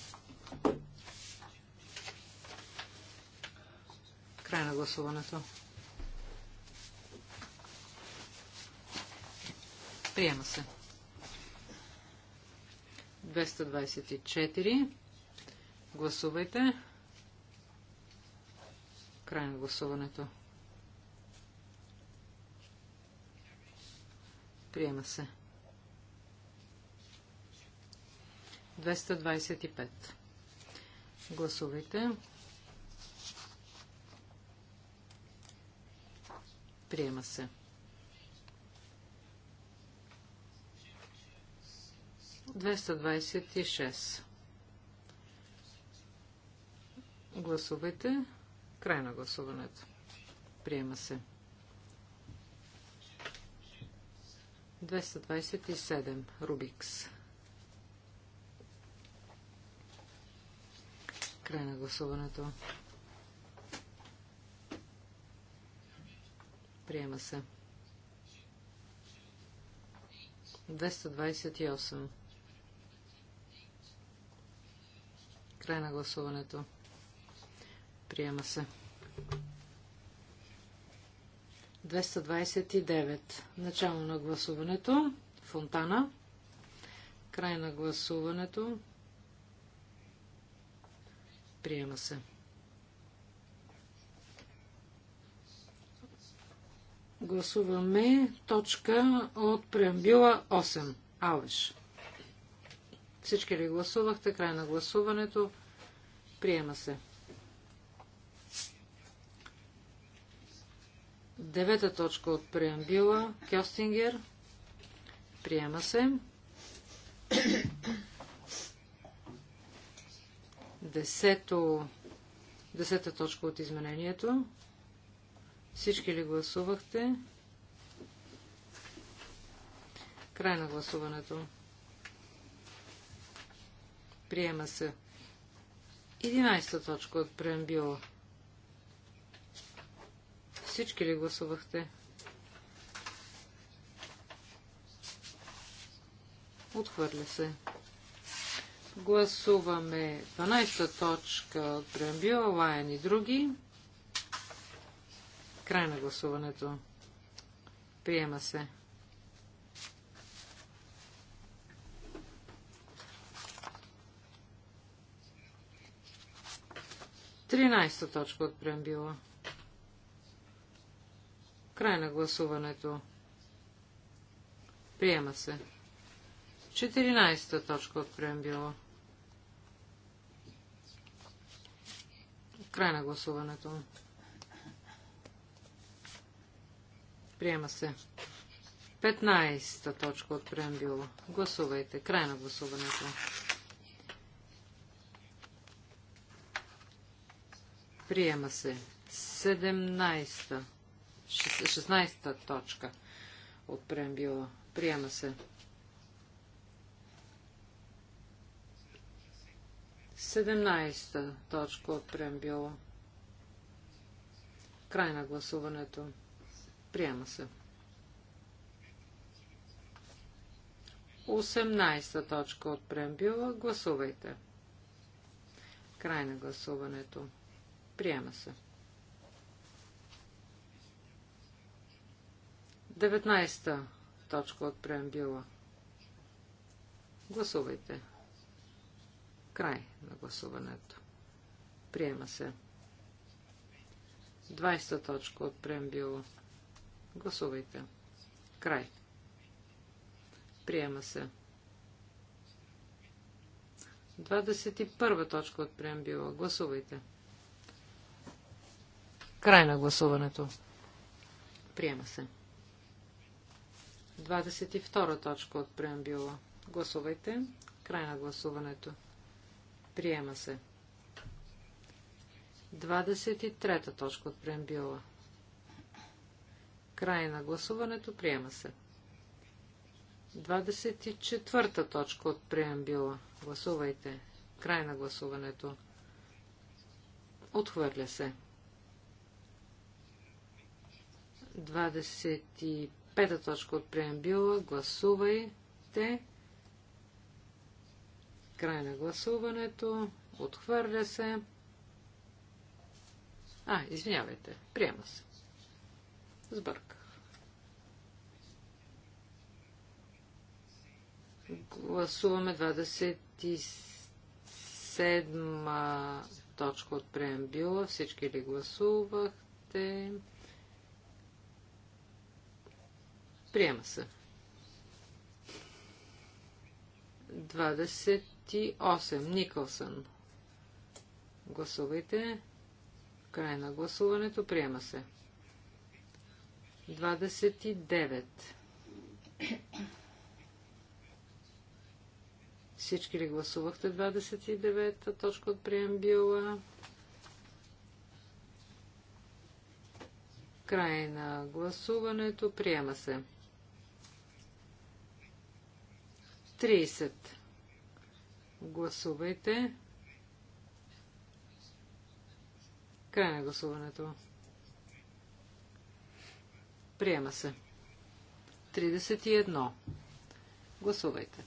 Speaker 2: Край на гласуването. Приема се. 224. Гласувайте. Край на гласуването. Приема се. 225. Гласувайте. Приема се. Гласувайте. Край на гласуването. Приема се. 227 Рубикс. Край на гласуването. Приема се. 228. Край на гласуването. Приема се. 229. Начало на гласуването. Фонтана. Край на гласуването. Приема се. Гласуваме точка от преамбила 8. Алеш. Всички ли гласувахте? Край на гласуването. Приема се. Девета точка от преамбила. Кьостингер. Приема се. Десето, десета точка от изменението. Всички ли гласувахте? Край на гласуването. Приема се. 11 точка от преамбила. Всички ли гласувахте? Отхвърля се. Гласуваме 12 точка от преамбила, Лаян и други. Край на гласуването. Приема се. Тринайста точка от преамбила. Край на гласуването. Приема се. 14 точка от преамбила. Край на гласуването. Приема се. 15-та точка от преамбюла. Гласувайте. Край на гласуването. Приема се. 17-та. 16-та точка от преамбюла. Приема се. 17-та точка от преамбюла. Край на гласуването. Приема се. 18-та точка от преамбюла. Гласувайте. Край на гласуването. Приема се. 19-та точка от преамбюла. Гласувайте. Край на гласуването. Приема се. 20-та точка от преамбюла. Гласувайте. Край. Приема се. 21 точка от преамбила. Гласувайте. Край на гласуването. Приема се. 22 точка от преамбюла. Гласувайте. Край на гласуването. Приема се. 23 точка от преамбюла. Край на гласуването. Приема се. 24-та точка от преамбила. Гласувайте. Край на гласуването. Отхвърля се. 25-та точка от преамбила. Гласувайте. Край на гласуването. Отхвърля се. А, извинявайте. Приема се. Сбърках. Гласуваме 27 точка от преамбюла. Всички ли гласувахте? Приема се. 28. Никълсън. Гласувайте. Край на гласуването. Приема се. 29. Всички ли гласувахте 29-та точка от преамбила? Край на гласуването. Приема се. 30. Гласувайте. Край на гласуването. Приема се. 31. Гласувайте.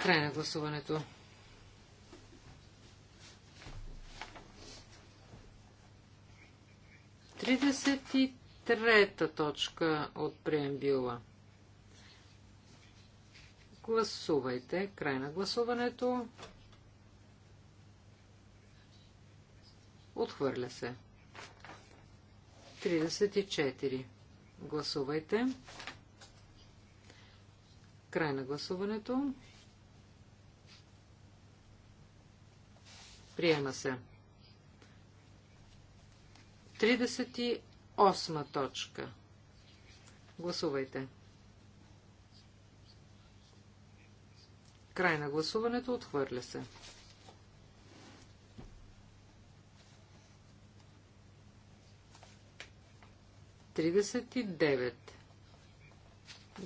Speaker 2: Край на гласуването. Тридесет и трета точка от преембила. Гласувайте. Край на гласуването. Отхвърля се. 34. Гласувайте. Край на гласуването. Приема се. 38 точка. Гласувайте. Край на гласуването отхвърля се. 39.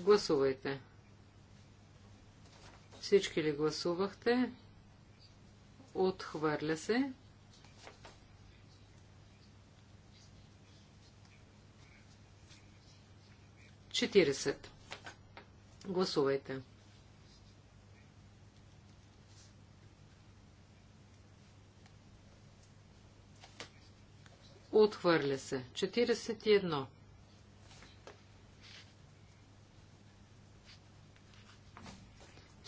Speaker 2: Гласувайте. Всички ли гласувахте? Отхвърля се. Четиридесет. Гласувайте. Отхвърля се. и едно.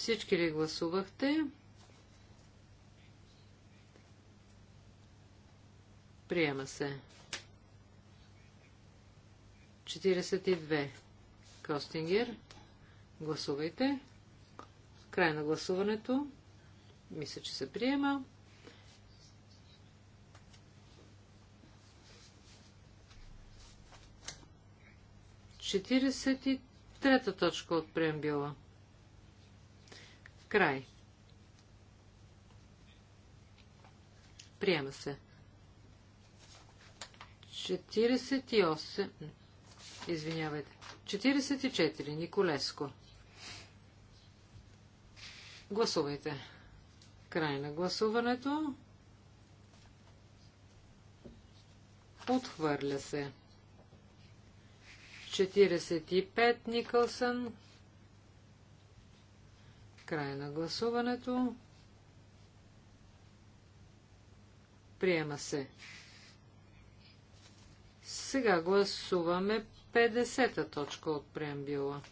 Speaker 2: Всички ли гласувахте? Приема се. 42. Костингер. Гласувайте. Край на гласуването. Мисля, че се приема. Четиридесет и трета точка от преамбила. Край. Приема се. 48. Извинявайте. 44. Николеско. Гласувайте. Край на гласуването. Отхвърля се. 45. Никълсън. Край на гласуването. Приема се. Сега гласуваме 50-та точка от преамбила.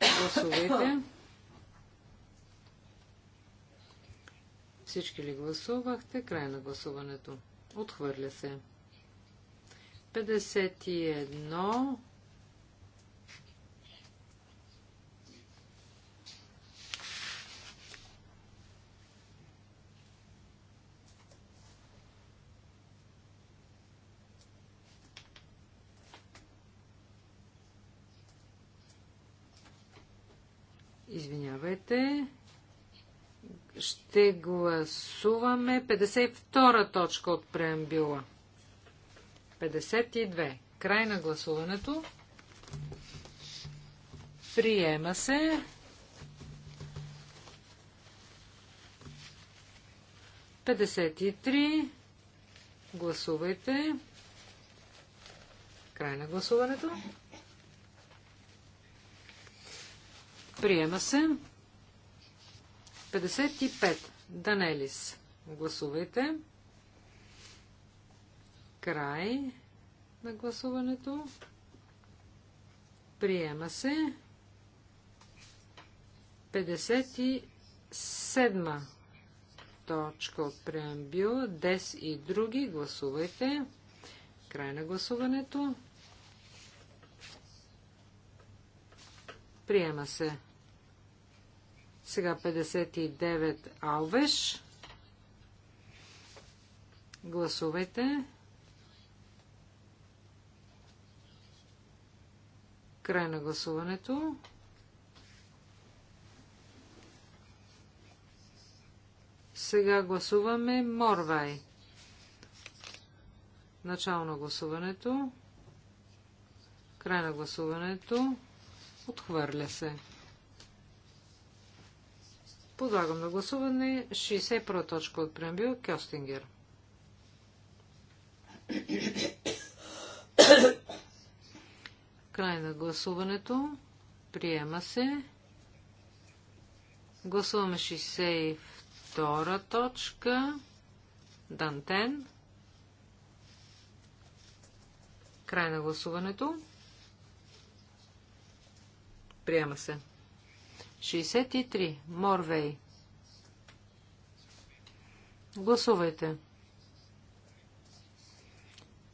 Speaker 2: Гласувайте. Всички ли гласувахте? Край на гласуването. Отхвърля се. 51. Извинявайте. Ще гласуваме 52 точка от преамбюла. 52. Край на гласуването. Приема се. Петдесет и три. Гласувайте. Край на гласуването. Приема се. 55. Данелис. Гласувайте. Край на гласуването. Приема се. 57 точка от преамбюл. Дес и други. Гласувайте. Край на гласуването. Приема се. Сега 59 алвеш. Гласувайте. Край на гласуването. Сега гласуваме Морвай. Начало на гласуването. Край на гласуването. Отхвърля се. Подлагам на гласуване 61 точка от преамбил Кьостингер. Край на гласуването. Приема се. Гласуваме 62 точка. Дантен. Край на гласуването. Приема се. 63. Морвей. Гласувайте.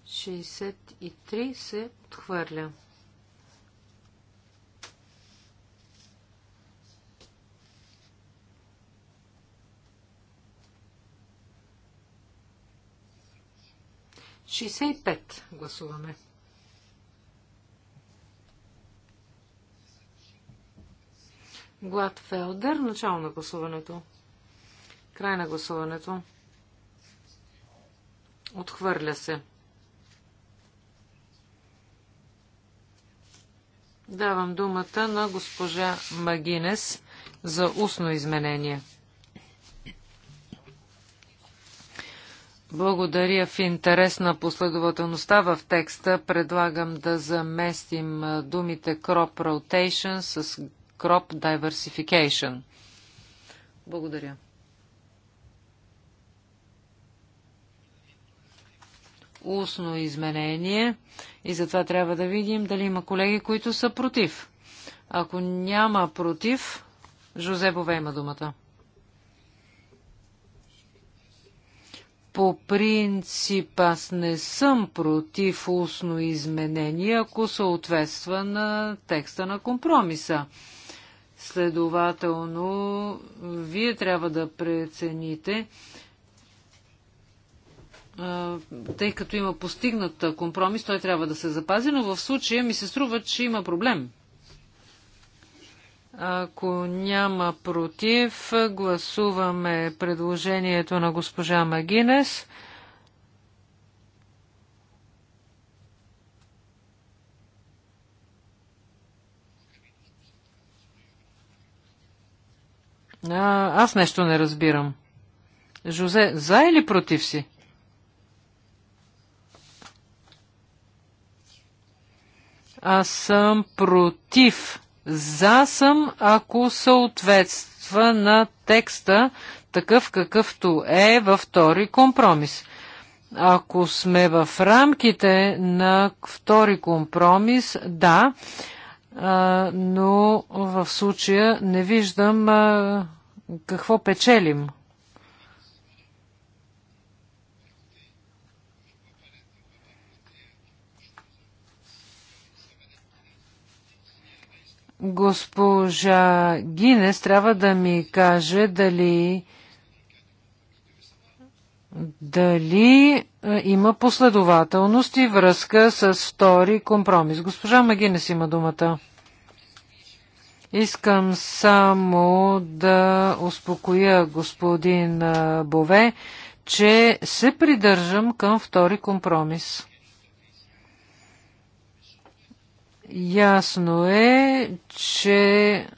Speaker 2: 63 се отхвърля. 65 гласуваме. Глад Фелдер, начало на гласуването. Край на гласуването. Отхвърля се. Давам думата на госпожа Магинес за устно изменение. Благодаря в интерес на последователността в текста. Предлагам да заместим думите crop rotation с crop diversification. Благодаря. Устно изменение и затова трябва да видим дали има колеги, които са против. Ако няма против, Жозебове има думата. По принцип аз не съм против устно изменение, ако съответства на текста на компромиса. Следователно, вие трябва да прецените, тъй като има постигнат компромис, той трябва да се запази, но в случая ми се струва, че има проблем. Ако няма против, гласуваме предложението на госпожа Магинес. А, аз нещо не разбирам. Жозе, за или против си? Аз съм против за съм, ако съответства на текста, такъв какъвто е във втори компромис. Ако сме в рамките на втори компромис, да, но в случая не виждам какво печелим. Госпожа Гинес трябва да ми каже дали дали е, има последователност и връзка с втори компромис. Госпожа Магинес има думата. Искам само да успокоя господин е, Бове, че се придържам към втори компромис. Ясно е, че е,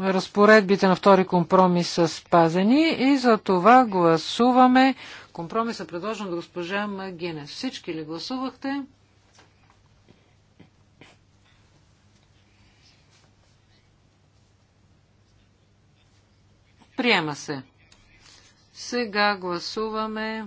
Speaker 2: разпоредбите на втори компромис са спазени и за това гласуваме компромиса предложен от госпожа Магинес. Всички ли гласувахте? Приема се. Сега гласуваме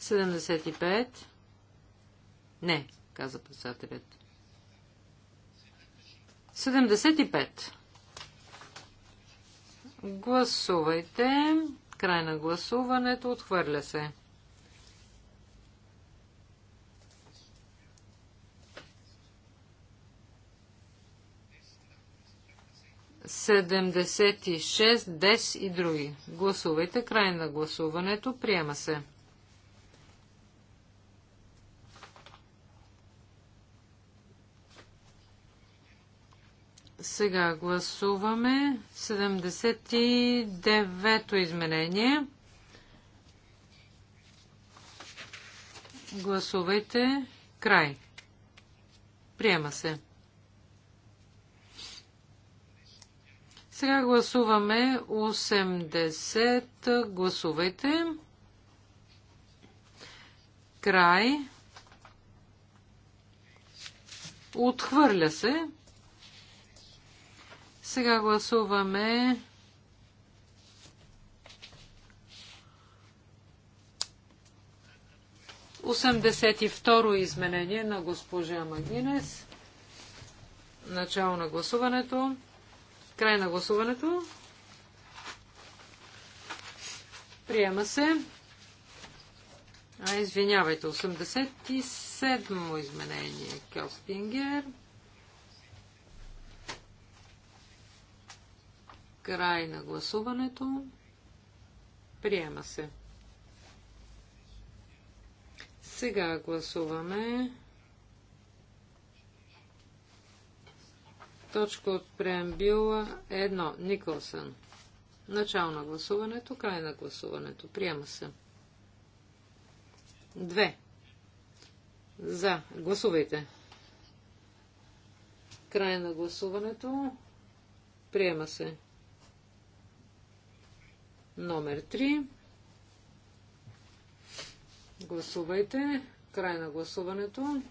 Speaker 2: 75. Не, каза председателят. 75. Гласувайте. Край на гласуването. Отхвърля се. Седемдесет и шест, дес и други. Гласувайте. Край на гласуването. Приема се. Сега гласуваме 79-то изменение. Гласувайте. Край. Приема се. Сега гласуваме 80. Гласувайте. Край. Отхвърля се. Сега гласуваме Осемдесет и второ изменение на госпожа Магинес. Начало на гласуването. Край на гласуването. Приема се. А, извинявайте, 87-мо изменение Келстингер. Край на гласуването. Приема се. Сега гласуваме точка от преамбила 1. Николсън. Начало на гласуването, край на гласуването. Приема се. 2. За. Гласувайте. Край на гласуването. Приема се. Номер 3. Гласувайте. Край на гласуването.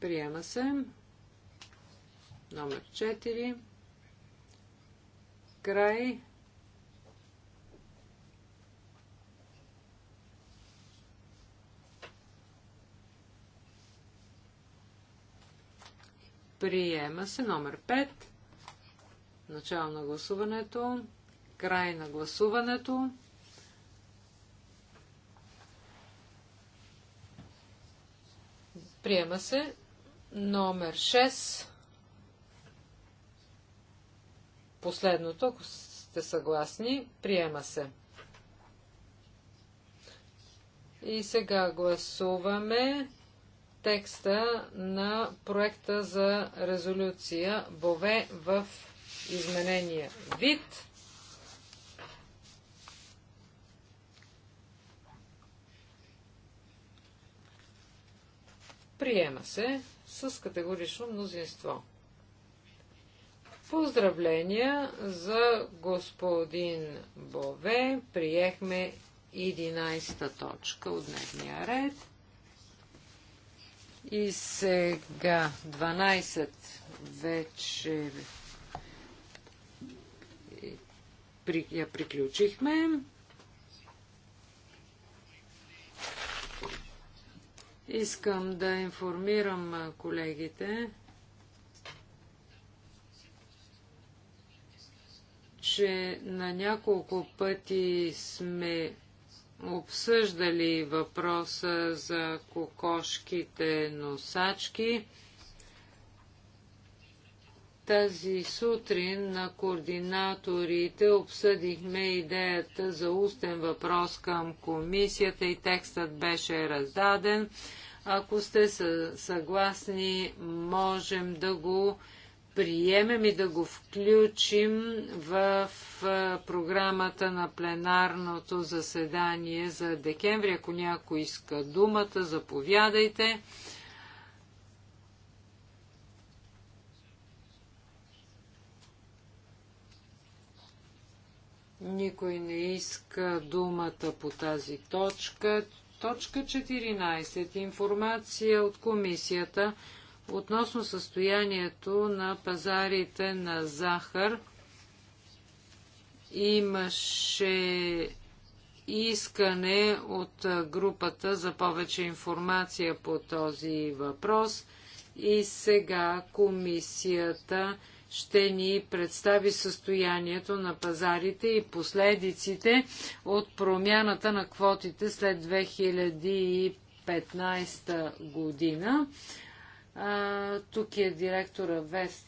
Speaker 2: Приема се. Номер 4. Край. Приема се номер 5. Начало на гласуването. Край на гласуването. Приема се номер 6. Последното, ако сте съгласни, приема се. И сега гласуваме текста на проекта за резолюция Бове в изменения вид. Приема се с категорично мнозинство. Поздравления за господин Бове. Приехме 11-та точка от дневния ред. И сега 12 вече я приключихме. Искам да информирам колегите, че на няколко пъти сме обсъждали въпроса за кокошките носачки. Тази сутрин на координаторите обсъдихме идеята за устен въпрос към комисията и текстът беше раздаден. Ако сте съгласни, можем да го приемем и да го включим в програмата на пленарното заседание за декември. Ако някой иска думата, заповядайте. Никой не иска думата по тази точка. Точка 14. Информация от комисията относно състоянието на пазарите на захар. Имаше искане от групата за повече информация по този въпрос и сега комисията ще ни представи състоянието на пазарите и последиците от промяната на квотите след 2015 година. А, тук е директора Вест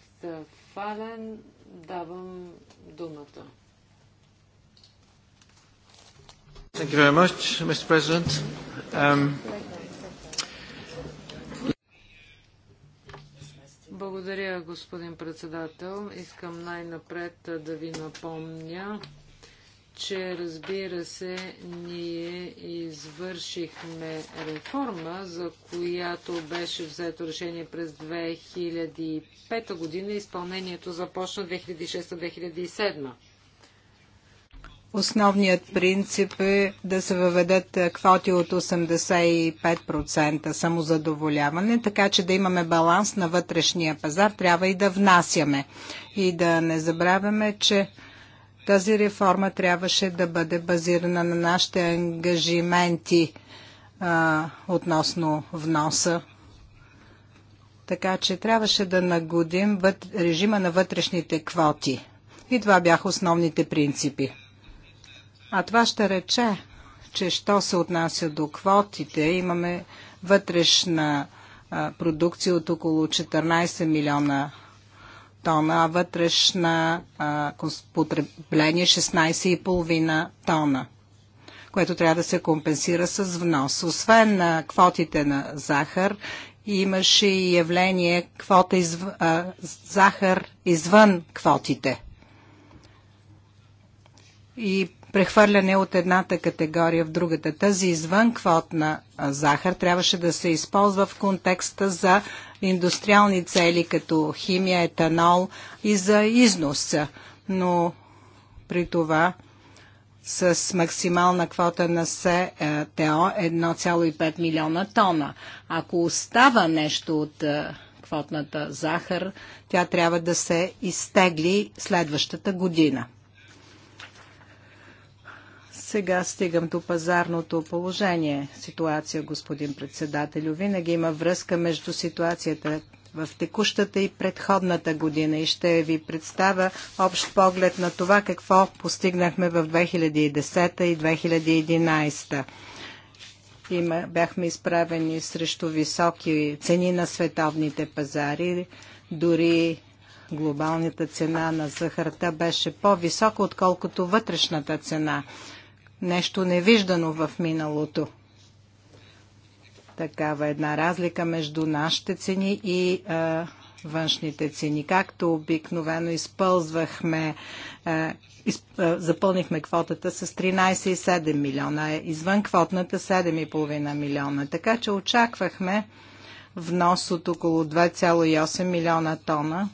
Speaker 2: Фален. Давам думата. Thank you very much, Mr. President. Um, Благодаря, господин председател. Искам най-напред да ви напомня, че разбира се, ние извършихме реформа, за която беше взето решение през 2005 година. Изпълнението започна 2006-2007.
Speaker 4: Основният принцип е да се въведат е, квоти от 85% самозадоволяване, така че да имаме баланс на вътрешния пазар. Трябва и да внасяме. И да не забравяме, че тази реформа трябваше да бъде базирана на нашите ангажименти а, относно вноса. Така че трябваше да нагодим режима на вътрешните квоти. И това бяха основните принципи. А това ще рече, че що се отнася до квотите, имаме вътрешна продукция от около 14 милиона тона, а вътрешна потребление 16,5 тона, което трябва да се компенсира с внос. Освен на квотите на захар, имаше и явление квота изв... а, захар извън квотите. И прехвърляне от едната категория в другата. Тази извън квотна захар трябваше да се използва в контекста за индустриални цели, като химия, етанол и за износа. Но при това с максимална квота на СТО 1,5 милиона тона. Ако остава нещо от квотната захар, тя трябва да се изтегли следващата година. Сега стигам до пазарното положение. Ситуация, господин председателю, винаги има връзка между ситуацията в текущата и предходната година и ще ви представя общ поглед на това какво постигнахме в 2010 и 2011. Има, бяхме изправени срещу високи цени на световните пазари, дори глобалната цена на захарта беше по-висока, отколкото вътрешната цена нещо невиждано в миналото. Такава една разлика между нашите цени и а, външните цени. Както обикновено използвахме, а, из, а, запълнихме квотата с 13,7 милиона, извън квотната 7,5 милиона. Така че очаквахме внос от около 2,8 милиона тона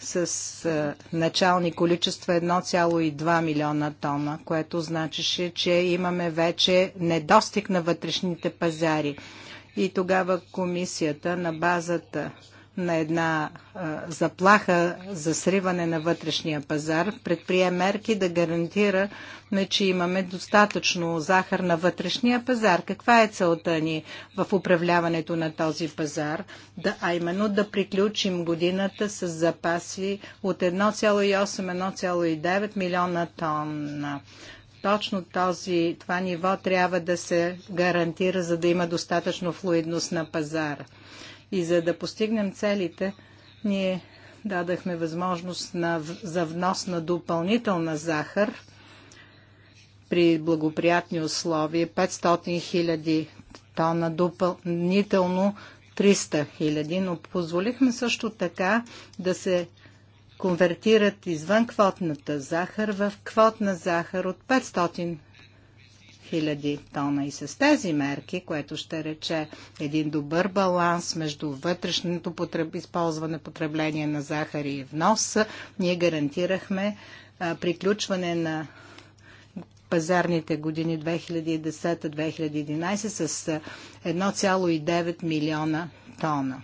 Speaker 4: с начални количества 1,2 милиона тона, което значеше, че имаме вече недостиг на вътрешните пазари. И тогава комисията на базата на една заплаха за сриване на вътрешния пазар, предприе мерки да гарантира, че имаме достатъчно захар на вътрешния пазар. Каква е целта ни в управляването на този пазар? Да, а именно да приключим годината с запаси от 1,8-1,9 милиона тонна точно този, това ниво трябва да се гарантира, за да има достатъчно флуидност на пазара. И за да постигнем целите, ние дадахме възможност на, за внос на допълнителна захар при благоприятни условия 500 000 тона допълнително 300 хиляди, но позволихме също така да се конвертират извън квотната захар в квотна захар от 500 000 тона. И с тези мерки, което ще рече един добър баланс между вътрешното потреб... използване, потребление на захар и внос, ние гарантирахме а, приключване на пазарните години 2010-2011 с 1,9 милиона тона.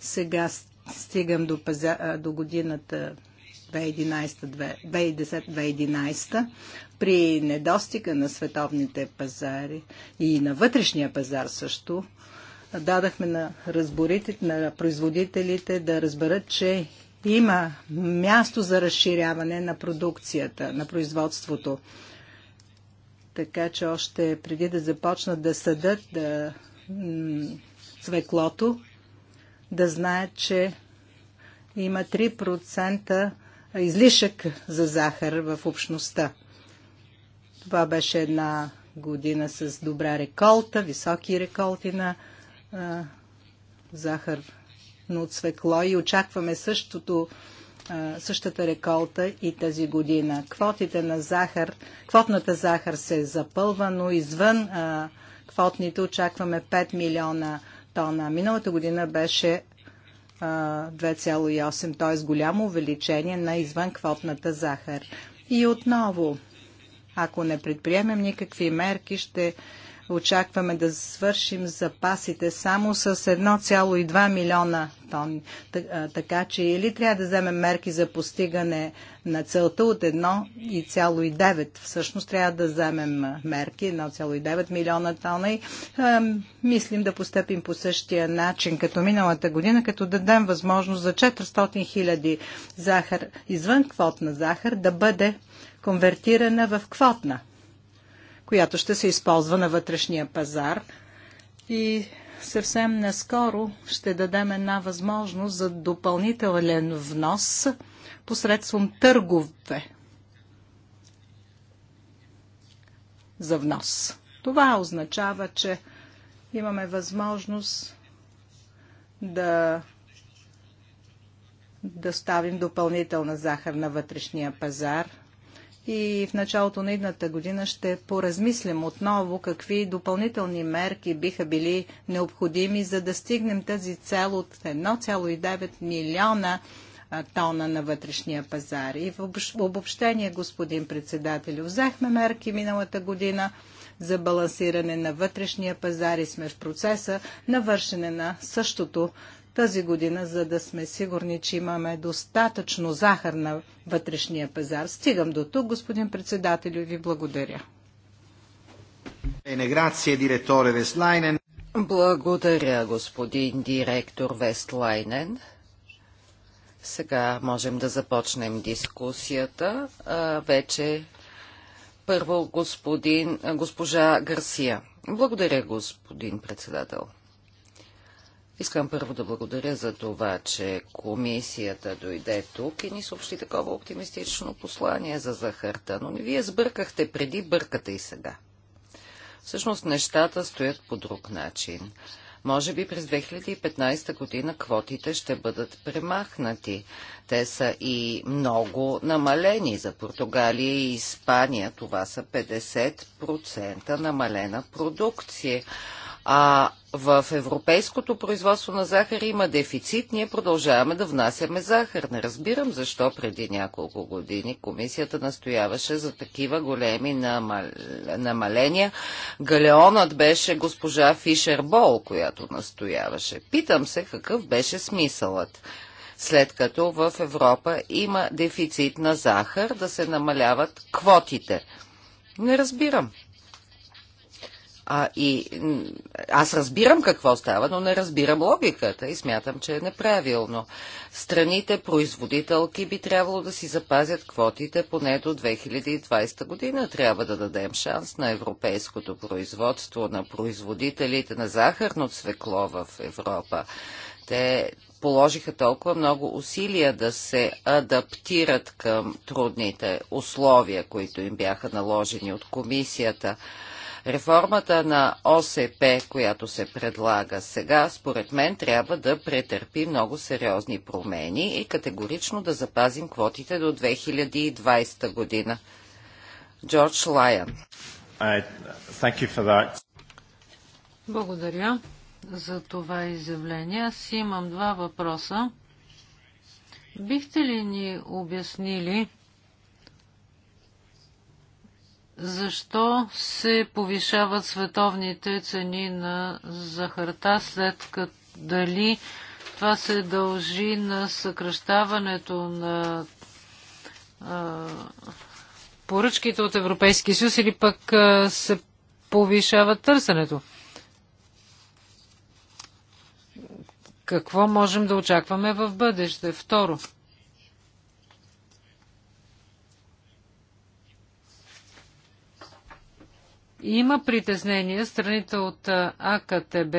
Speaker 4: Сега стигам до, пазар... до годината 2010-2011 при недостига на световните пазари и на вътрешния пазар също, дадахме на, на производителите да разберат, че има място за разширяване на продукцията, на производството. Така че още преди да започнат да съдат да, свеклото, да знаят, че има 3% излишък за захар в общността. Това беше една година с добра реколта, високи реколти на а, захар но от свекло и очакваме същото, а, същата реколта и тази година. Квотите на захар, квотната захар се запълва, но извън а, квотните очакваме 5 милиона тона. Миналата година беше 2,8, т.е. голямо увеличение на извънквотната захар. И отново, ако не предприемем никакви мерки, ще очакваме да свършим запасите само с 1,2 милиона тони. Така че или трябва да вземем мерки за постигане на целта от 1,9. Всъщност трябва да вземем мерки 1,9 милиона тона и мислим да постъпим по същия начин като миналата година, като дадем възможност за 400 хиляди захар извън квотна захар да бъде конвертирана в квотна която ще се използва на вътрешния пазар. И съвсем наскоро ще дадем една възможност за допълнителен внос посредством търгове за внос. Това означава, че имаме възможност да доставим допълнителна захар на вътрешния пазар – и в началото на идната година ще поразмислим отново какви допълнителни мерки биха били необходими, за да стигнем тази цел от 1,9 милиона тона на вътрешния пазар. И в обобщение, господин председател, взехме мерки миналата година за балансиране на вътрешния пазар и сме в процеса на вършене на същото тази година, за да сме сигурни, че имаме достатъчно захар на вътрешния пазар. Стигам до тук, господин председател, ви благодаря.
Speaker 1: Благодаря, господин
Speaker 3: директор Вестлайнен. Сега можем да започнем дискусията. вече първо господин, госпожа Гарсия. Благодаря, господин председател. Искам първо да благодаря за това, че комисията дойде тук и ни съобщи такова оптимистично послание за захарта, но не вие сбъркахте преди, бъркате и сега. Всъщност нещата стоят по друг начин. Може би през 2015 година квотите ще бъдат премахнати. Те са и много намалени. За Португалия и Испания това са 50% намалена продукция. А в европейското производство на захар има дефицит, ние продължаваме да внасяме захар. Не разбирам защо преди няколко години комисията настояваше за такива големи намал... намаления. Галеонът беше госпожа Фишер Бол, която настояваше. Питам се какъв беше смисълът след като в Европа има дефицит на захар, да се намаляват квотите. Не разбирам. А, и аз разбирам какво става, но не разбирам логиката и смятам, че е неправилно. Страните производителки би трябвало да си запазят квотите поне до 2020 година. Трябва да дадем шанс на европейското производство, на производителите на захарно свекло в Европа. Те положиха толкова много усилия да се адаптират към трудните условия, които им бяха наложени от комисията. Реформата на ОСП, която се предлага сега, според мен трябва да претърпи много сериозни промени и категорично да запазим квотите до 2020 година. Джордж Лайън.
Speaker 2: Благодаря за това изявление. Аз имам два въпроса. Бихте ли ни обяснили защо се повишават световните цени на захарта, след като дали това се дължи на съкръщаването на а, поръчките от Европейския съюз или пък а, се повишава търсенето. Какво можем да очакваме в бъдеще? Второ, Има притеснения страните от АКТБ,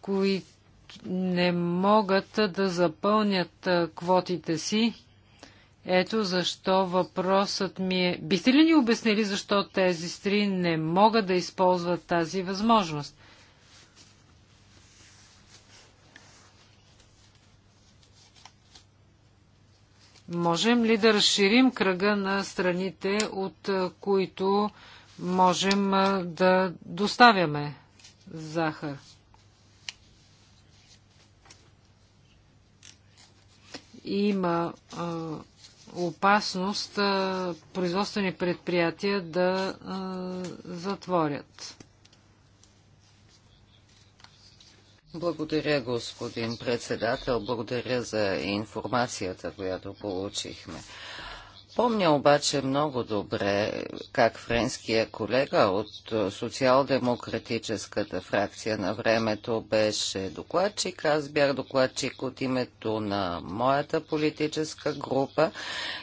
Speaker 2: които не могат да запълнят квотите си. Ето защо въпросът ми е... Бихте ли ни обяснили защо тези стри не могат да използват тази възможност? Можем ли да разширим кръга на страните, от които можем да доставяме захар. Има опасност производствени предприятия да затворят. Благодаря,
Speaker 3: господин председател. Благодаря за информацията, която получихме. Помня обаче много добре как френския колега от е, социал-демократическата фракция на времето беше докладчик. Аз бях докладчик от името на моята политическа група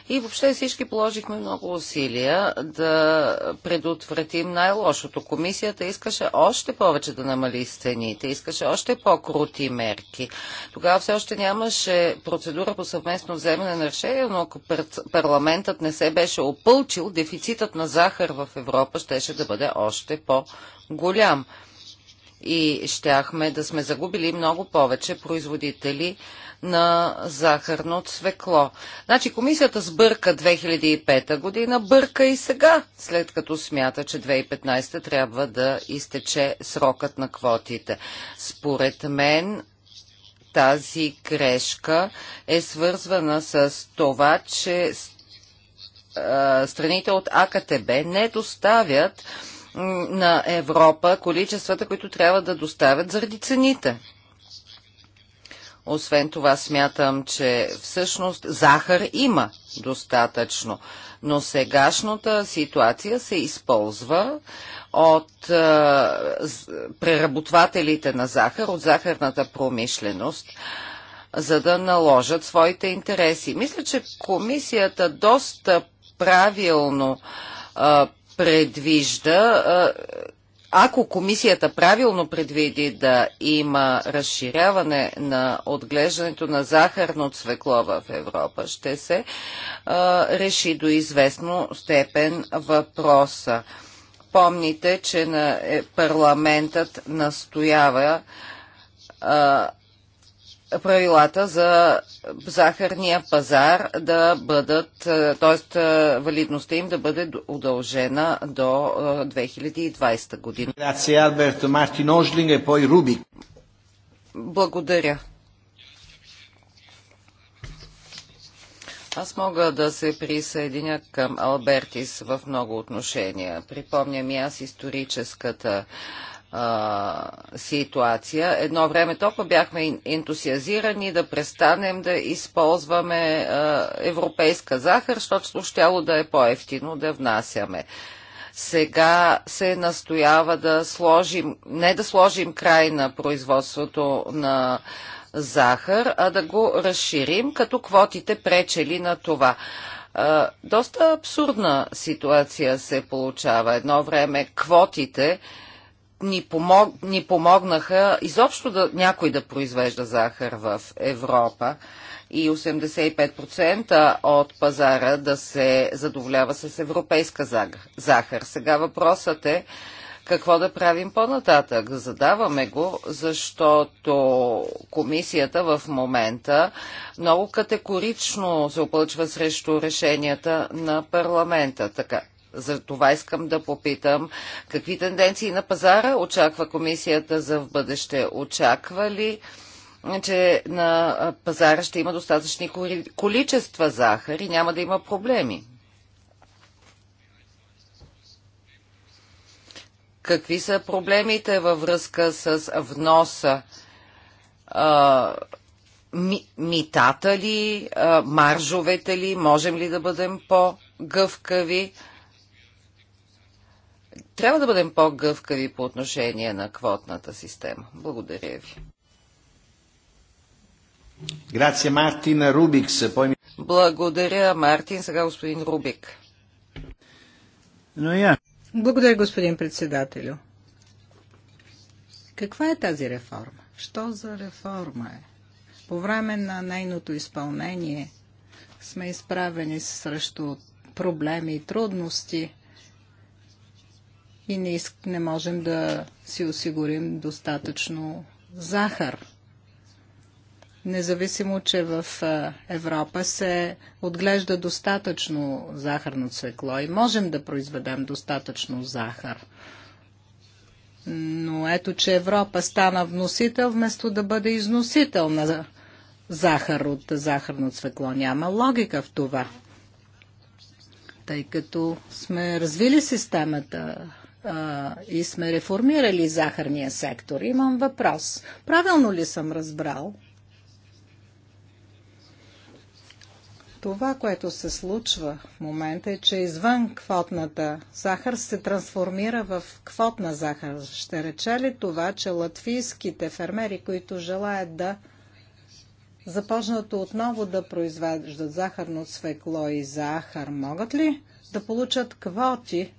Speaker 3: и въобще всички положихме много усилия да предотвратим най-лошото. Комисията искаше още повече да намали сцените, искаше още по-крути мерки. Тогава все още нямаше процедура по съвместно вземане на решение, но парламент парламентът не се беше опълчил, дефицитът на захар в Европа щеше да бъде още по-голям. И щяхме да сме загубили много повече производители на захарно цвекло. Значи комисията сбърка 2005 година, бърка и сега, след като смята, че 2015 трябва да изтече срокът на квотите. Според мен тази грешка е свързвана с това, че страните от АКТБ не доставят на Европа количествата, които трябва да доставят заради цените. Освен това смятам, че всъщност захар има достатъчно, но сегашната ситуация се използва от е, преработвателите на захар, от захарната промишленост, за да наложат своите интереси. Мисля, че комисията доста правилно а, предвижда, а, ако комисията правилно предвиди да има разширяване на отглеждането на захарно цвекло в Европа, ще се а, реши до известно степен въпроса. Помните, че на е, парламентът настоява а, правилата за захарния пазар да бъдат, т.е. Е, валидността им да бъде удължена до 2020 е, година.
Speaker 1: Грация, Мартин Ожлинг и пой Рубик.
Speaker 3: Благодаря. Аз мога да се присъединя към Албертис в много отношения. Припомням и аз историческата а, ситуация. Едно време толкова бяхме ентусиазирани да престанем да използваме а, европейска захар, защото щяло да е по-ефтино да внасяме. Сега се настоява да сложим, не да сложим край на производството на захар, а да го разширим, като квотите пречели на това. А, доста абсурдна ситуация се получава. Едно време квотите ни, помог, ни помогнаха изобщо да, някой да произвежда захар в Европа и 85% от пазара да се задоволява с европейска захар. Сега въпросът е какво да правим по-нататък. Задаваме го, защото комисията в момента много категорично се опълчва срещу решенията на парламента. Така, за това искам да попитам какви тенденции на пазара очаква комисията за в бъдеще. Очаква ли че на пазара ще има достатъчни количества захар и няма да има проблеми? Какви са проблемите във връзка с вноса? А, ми, митата ли? А, маржовете ли? Можем ли да бъдем по-гъвкави? Трябва да бъдем по-гъвкави по отношение на квотната система. Благодаря ви.
Speaker 1: Грация, Мартин Рубикс.
Speaker 3: Благодаря, Мартин. Сега господин Рубик.
Speaker 1: Но я.
Speaker 4: Благодаря, господин председателю. Каква е тази реформа? Що за реформа е? По време на нейното изпълнение сме изправени срещу проблеми и трудности, и не, иск, не можем да си осигурим достатъчно захар. Независимо, че в Европа се отглежда достатъчно захарно цвекло и можем да произведем достатъчно захар. Но ето, че Европа стана вносител, вместо да бъде износител на захар от захарно цвекло. Няма логика в това. Тъй като сме развили системата а, и сме реформирали захарния сектор. Имам въпрос. Правилно ли съм разбрал? Това, което се случва в момента е, че извън квотната захар се трансформира в квотна захар. Ще рече ли това, че латвийските фермери, които желаят да започнат отново да произвеждат захарно свекло и захар, могат ли да получат квоти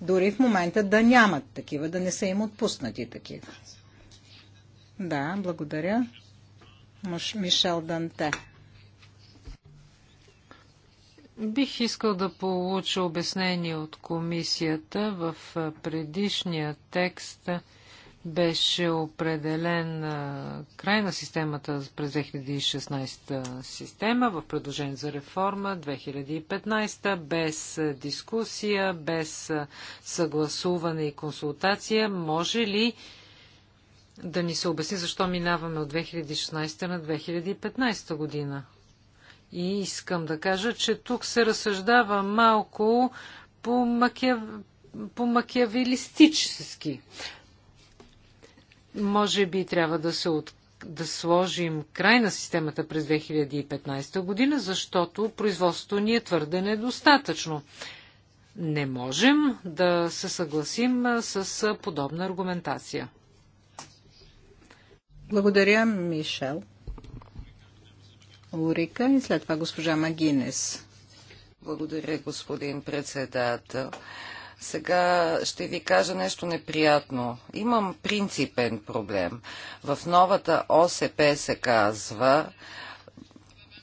Speaker 4: дори в момента да нямат такива, да не са им отпуснати такива. Да, благодаря. Мишел Данте. Бих искал да
Speaker 2: получа
Speaker 4: обяснение от
Speaker 2: комисията в предишния текст беше определен край на системата през 2016 система в предложение за реформа 2015 без дискусия, без съгласуване и консултация. Може ли да ни се обясни защо минаваме от 2016 на 2015 година? И искам да кажа, че тук се разсъждава малко по, макия... по макиавилистически. Може би трябва да се от, да сложим край на системата през 2015 година, защото производството ни е твърде недостатъчно. Не можем да се съгласим с подобна аргументация.
Speaker 4: Благодаря, Мишел. Урика и след това госпожа Магинес.
Speaker 3: Благодаря, господин председател. Сега ще ви кажа нещо неприятно. Имам принципен проблем. В новата ОСП се казва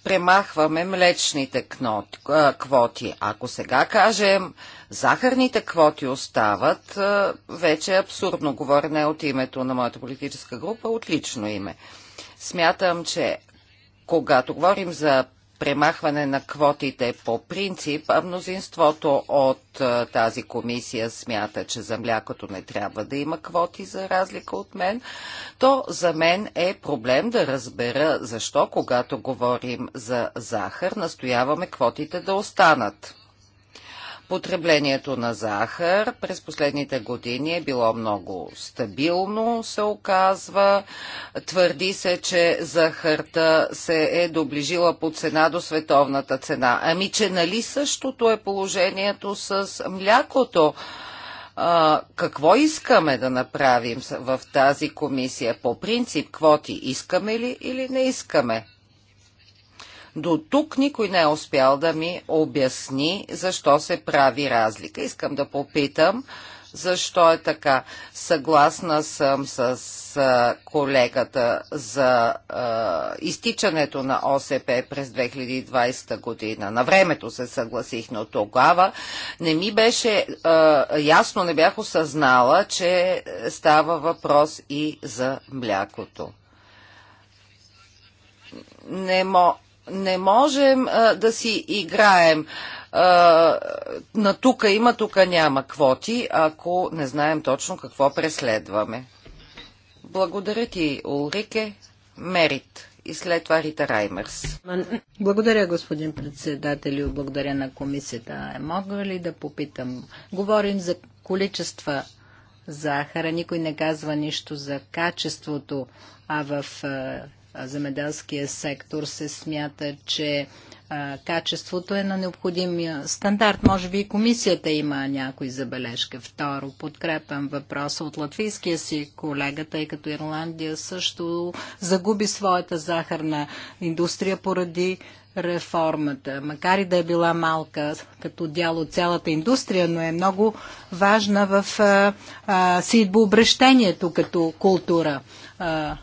Speaker 3: премахваме млечните квоти. Ако сега кажем захарните квоти остават, вече е абсурдно. Говоря не от името на моята политическа група, отлично име. Смятам, че когато говорим за премахване на квотите по принцип, а мнозинството от тази комисия смята, че за млякото не трябва да има квоти, за разлика от мен, то за мен е проблем да разбера защо, когато говорим за захар, настояваме квотите да останат. Потреблението на захар през последните години е било много стабилно, се оказва. Твърди се, че захарта се е доближила по цена до световната цена. Ами, че нали същото е положението с млякото? А, какво искаме да направим в тази комисия? По принцип, квоти искаме ли или не искаме? До тук никой не е успял да ми обясни защо се прави разлика. Искам да попитам защо е така. Съгласна съм с колегата за а, изтичането на ОСП през 2020 година. На времето се съгласих, но тогава не ми беше а, ясно, не бях осъзнала, че става въпрос и за млякото. Не мога не можем а, да си играем а, на тука има, тука няма квоти, ако не знаем точно какво преследваме. Благодаря ти, Улрике. Мерит. И след това Рита Раймерс.
Speaker 4: Благодаря, господин председател, благодаря на комисията. Мога ли да попитам? Говорим за количества захара, никой не казва нищо за качеството, а в земеделския сектор се смята, че качеството е на необходимия стандарт. Може би и комисията има някои забележка. Второ, подкрепям въпроса от латвийския си колега, тъй като Ирландия също загуби своята захарна индустрия поради реформата. Макар и да е била малка като дял от цялата индустрия, но е много важна в сидбообращението като култура. А,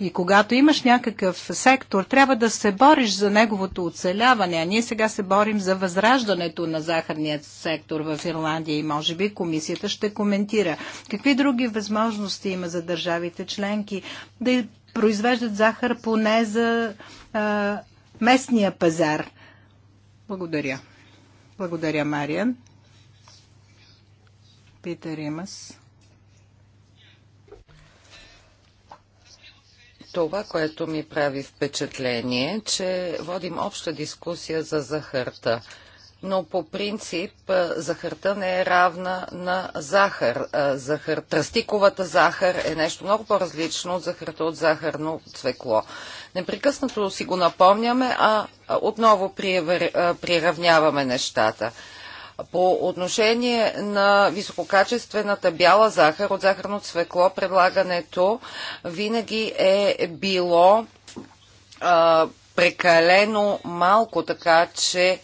Speaker 4: и когато имаш някакъв сектор, трябва да се бориш за неговото оцеляване. А ние сега се борим за възраждането на захарният сектор в Ирландия и може би комисията ще коментира. Какви други възможности има за държавите членки да произвеждат захар поне за а, местния пазар? Благодаря. Благодаря, Мариан. Питер Имас.
Speaker 3: Това, което ми прави впечатление, че водим обща дискусия за захарта. Но по принцип захарта не е равна на захар. захар тръстиковата захар е нещо много по-различно от захарта от захарно цвекло. Непрекъснато си го напомняме, а отново приравняваме нещата. По отношение на висококачествената бяла захар от захарно цвекло, предлагането винаги е било а, прекалено малко, така че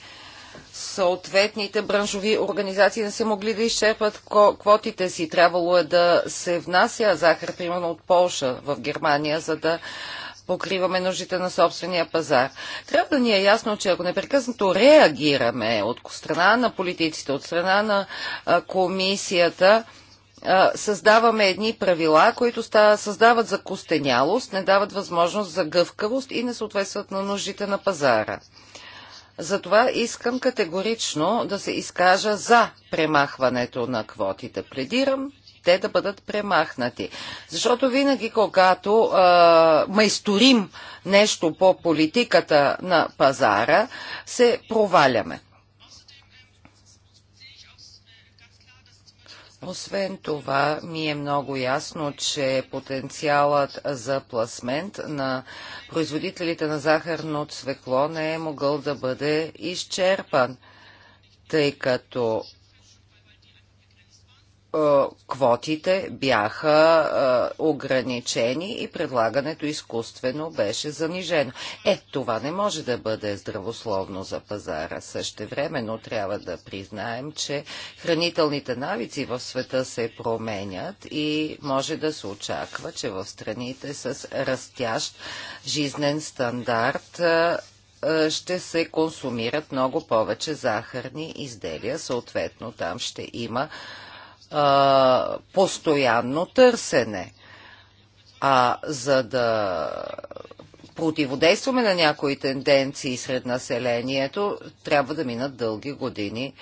Speaker 3: съответните браншови организации не са могли да изчерпат квотите си. Трябвало е да се внася захар, примерно от Полша в Германия, за да покриваме нуждите на собствения пазар. Трябва да ни е ясно, че ако непрекъснато реагираме от страна на политиците, от страна на комисията, създаваме едни правила, които създават закостенялост, не дават възможност за гъвкавост и не съответстват на нуждите на пазара. Затова искам категорично да се изкажа за премахването на квотите. Пледирам те да бъдат премахнати. Защото винаги, когато а, майсторим нещо по политиката на пазара, се проваляме. Освен това, ми е много ясно, че потенциалът за пласмент на производителите на захарно цвекло не е могъл да бъде изчерпан, тъй като е, квотите бяха е, ограничени и предлагането изкуствено беше занижено. Е, това не може да бъде здравословно за пазара. но трябва да признаем, че хранителните навици в света се променят и може да се очаква, че в страните с растящ жизнен стандарт е, ще се консумират много повече захарни изделия. Съответно, там ще има а, постоянно търсене. А за да противодействаме на някои тенденции сред населението, трябва да минат дълги години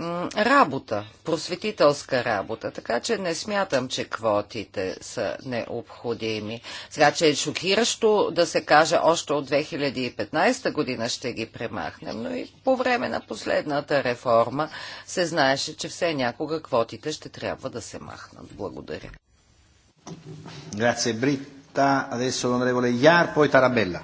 Speaker 3: работа, просветителска работа, така че не смятам, че квотите са необходими. Сега, че е шокиращо да се каже още от 2015 година ще ги премахнем, но и по време на последната реформа се знаеше, че все някога квотите ще трябва да се махнат. Благодаря.
Speaker 1: Grazie Britta, adesso l'onorevole Iar, poi Tarabella.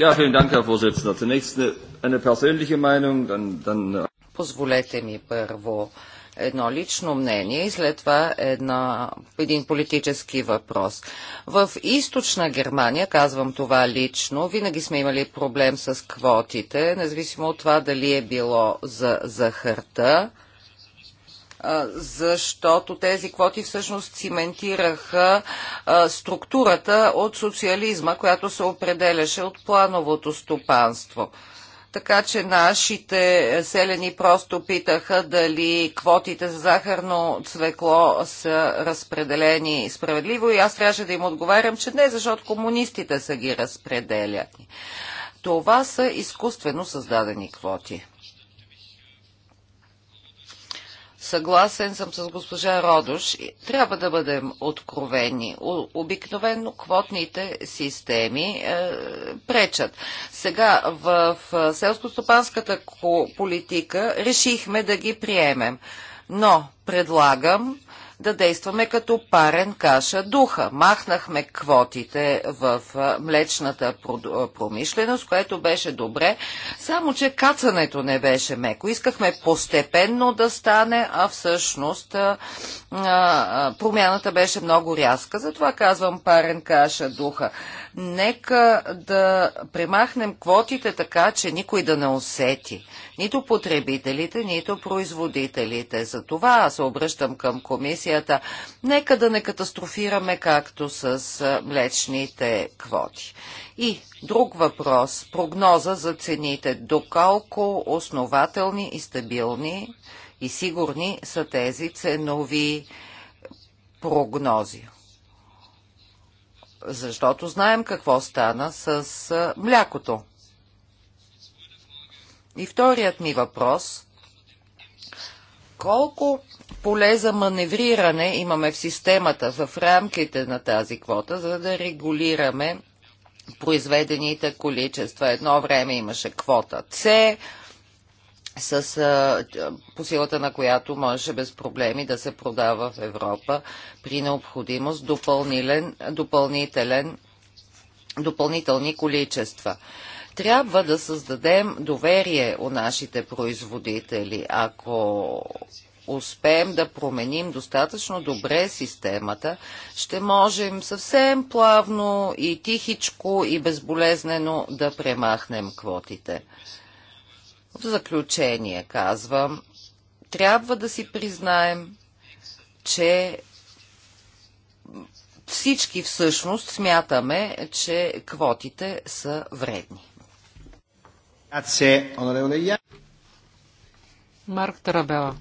Speaker 4: Ja, vielen Dank, Herr Vorsitzender.
Speaker 3: Zunächst eine, eine persönliche Meinung, dann, dann äh, Позволете ми първо едно лично мнение и след това една, един политически въпрос. В източна Германия, казвам това лично, винаги сме имали проблем с квотите, независимо от това дали е било за захарта, защото тези квоти всъщност циментираха структурата от социализма, която се определяше от плановото стопанство. Така че нашите селени просто питаха дали квотите за захарно цвекло са разпределени справедливо и аз трябваше да им отговарям, че не, защото комунистите са ги разпределяли. Това са изкуствено създадени квоти. Съгласен съм с госпожа Родош. Трябва да бъдем откровени. Обикновено квотните системи е, пречат. Сега в селско-стопанската политика решихме да ги приемем. Но предлагам да действаме като парен каша духа. Махнахме квотите в млечната промишленост, което беше добре, само че кацането не беше меко. Искахме постепенно да стане, а всъщност промяната беше много рязка. Затова казвам парен каша духа. Нека да премахнем квотите така, че никой да не усети. Нито потребителите, нито производителите. За това аз се обръщам към комисията ситуацията. Нека да не катастрофираме както с млечните квоти. И друг въпрос – прогноза за цените. Доколко основателни и стабилни и сигурни са тези ценови прогнози? Защото знаем какво стана с млякото. И вторият ми въпрос – колко поле за маневриране имаме в системата в рамките на тази квота, за да регулираме произведените количества. Едно време имаше квота С, с, а, по силата на която може без проблеми да се продава в Европа при необходимост допълнителен, допълнителни количества. Трябва да създадем доверие у нашите производители. Ако успеем да променим достатъчно добре системата, ще можем съвсем плавно и тихичко и безболезнено да премахнем квотите. В заключение казвам, трябва да си признаем, че всички
Speaker 1: всъщност
Speaker 3: смятаме, че квотите са вредни.
Speaker 2: Марк Тарабела.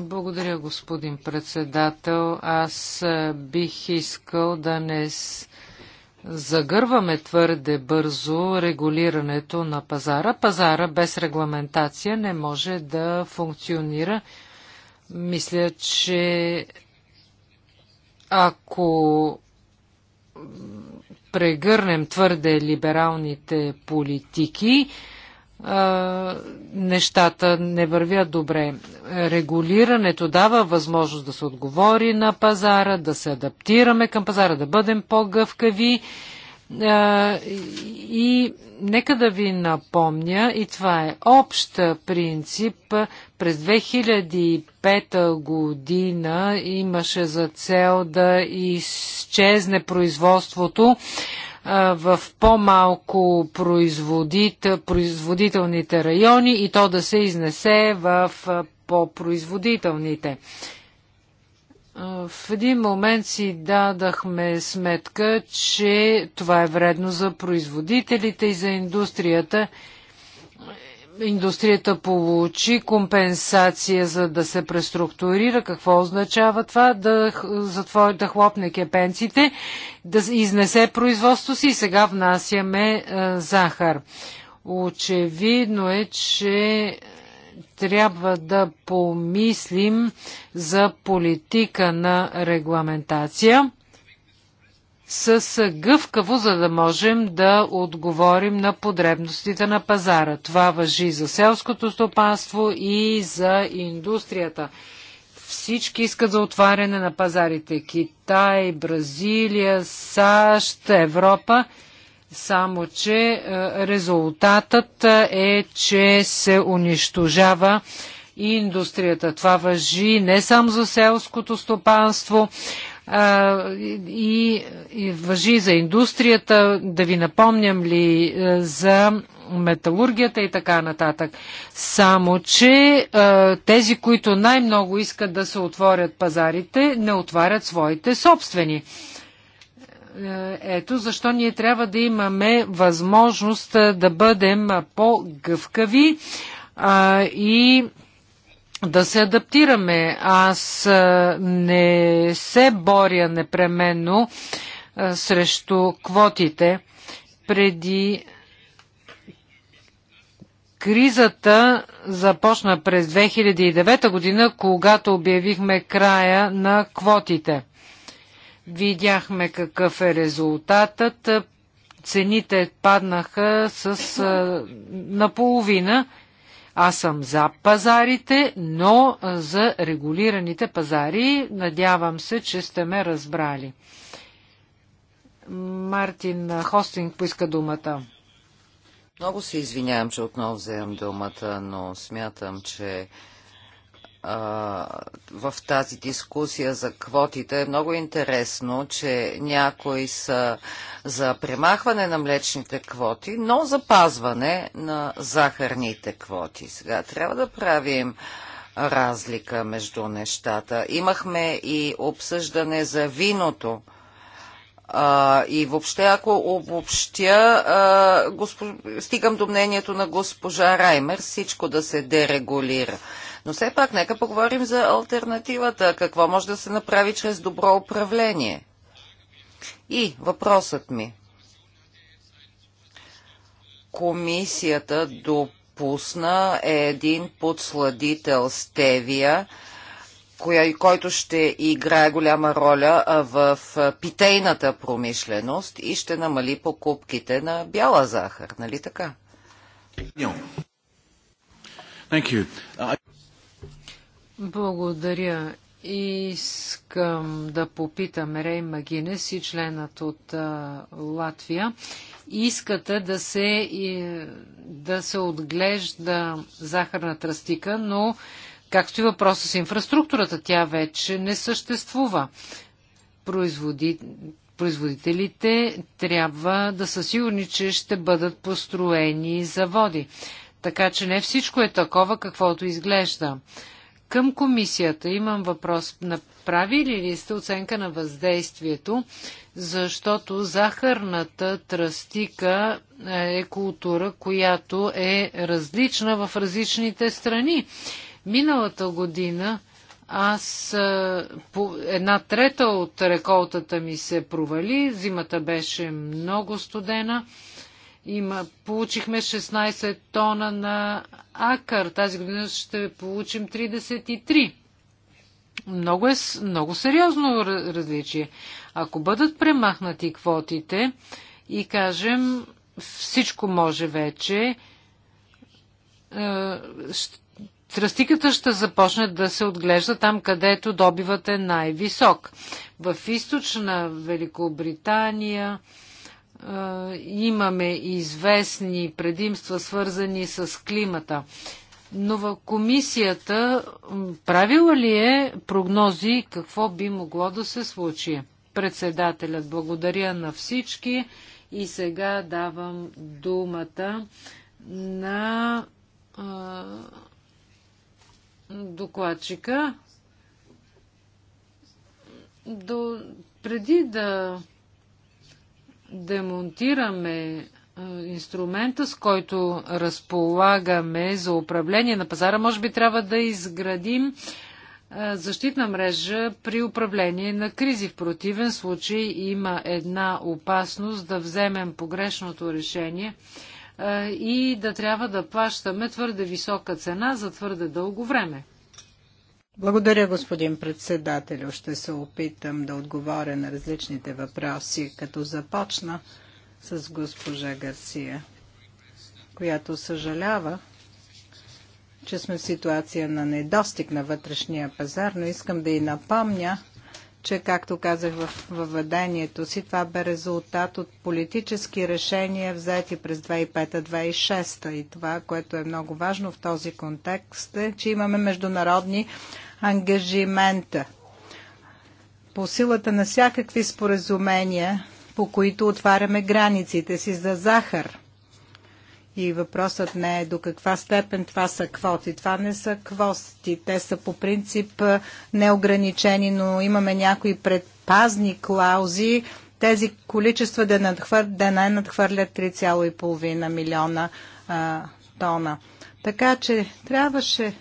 Speaker 2: Благодаря, господин председател. Аз бих искал да не загърваме твърде бързо регулирането на пазара. Пазара без регламентация не може да функционира. Мисля, че ако прегърнем твърде либералните политики, нещата не вървят добре. Регулирането дава възможност да се отговори на пазара, да се адаптираме към пазара, да бъдем по-гъвкави. И нека да ви напомня, и това е общ принцип, през 2005 година имаше за цел да изчезне производството в по-малко производител, производителните райони и то да се изнесе в по-производителните. В един момент си дадахме сметка, че това е вредно за производителите и за индустрията индустрията получи компенсация за да се преструктурира. Какво означава това? Да, затвор, да хлопне кепенците, да изнесе производство си и сега внасяме а, е, захар. Очевидно е, че е, трябва да помислим за политика на регламентация с гъвкаво, за да можем да отговорим на потребностите на пазара. Това въжи за селското стопанство и за индустрията. Всички искат за отваряне на пазарите. Китай, Бразилия, САЩ, Европа. Само, че е, резултатът е, че се унищожава индустрията. Това въжи не само за селското стопанство, и, и въжи за индустрията, да ви напомням ли е, за металургията и така нататък. Само, че е, тези, които най-много искат да се отворят пазарите, не отварят своите собствени. Е, ето защо ние трябва да имаме възможност да бъдем по-гъвкави и да се адаптираме. Аз не се боря непременно срещу квотите. Преди кризата започна през 2009 година, когато обявихме края на квотите. Видяхме какъв е резултатът. Цените паднаха с наполовина аз съм за пазарите, но за регулираните пазари. Надявам се, че сте ме разбрали. Мартин Хостинг поиска думата.
Speaker 3: Много се извинявам, че отново вземам думата, но смятам, че в тази дискусия за квотите е много интересно, че някои са за премахване на млечните квоти, но запазване на захарните квоти. Сега трябва да правим разлика между нещата. Имахме и обсъждане за виното. А, и въобще, ако обобщя, а, госпож... стигам до мнението на госпожа Раймер, всичко да се дерегулира. Но все пак, нека поговорим за альтернативата. Какво може да се направи чрез добро управление? И въпросът ми. Комисията допусна един подсладител Стевия, коя, който ще играе голяма роля в питейната промишленост и ще намали покупките на бяла захар, нали така?
Speaker 2: Thank you. Uh, благодаря. Искам да попитам Рей Магинес и членът от а, Латвия. Искате да се, и, да се отглежда захарна тръстика, но както и въпроса с инфраструктурата, тя вече не съществува. Производи, производителите трябва да са сигурни, че ще бъдат построени заводи. Така че не всичко е такова, каквото изглежда. Към комисията имам въпрос. Направили ли сте оценка на въздействието, защото захарната тръстика е, е култура, която е различна в различните страни. Миналата година аз е, по една трета от реколтата ми се провали, зимата беше много студена има, получихме 16 тона на акър. Тази година ще получим 33. Много, е, много сериозно различие. Ако бъдат премахнати квотите и кажем всичко може вече, е, Тръстиката ще започне да се отглежда там, където добивът е най-висок. В източна Великобритания, имаме известни предимства, свързани с климата. Но в комисията правила ли е прогнози какво би могло да се случи? Председателят благодаря на всички и сега давам думата на а, докладчика. До, преди да демонтираме инструмента, с който разполагаме за управление на пазара, може би трябва да изградим защитна мрежа при управление на кризи. В противен случай има една опасност да вземем погрешното решение и да трябва да плащаме твърде висока
Speaker 4: цена за твърде дълго време. Благодаря, господин председател. Ще се опитам да отговоря на различните въпроси, като започна с госпожа Гарсия, която съжалява, че сме в ситуация на недостиг на вътрешния пазар, но искам да и напомня, че, както казах в въведението си, това бе резултат от политически решения, взети през 2005-2006. И това, което е много важно в този контекст, е, че имаме международни ангажимента. По силата на всякакви споразумения, по които отваряме границите си за захар – и въпросът не е до каква степен това са квоти. Това не са квоти. Те са по принцип неограничени, но имаме някои предпазни клаузи. Тези количества да, надхвър... да не надхвърлят 3,5 милиона а, тона. Така че трябваше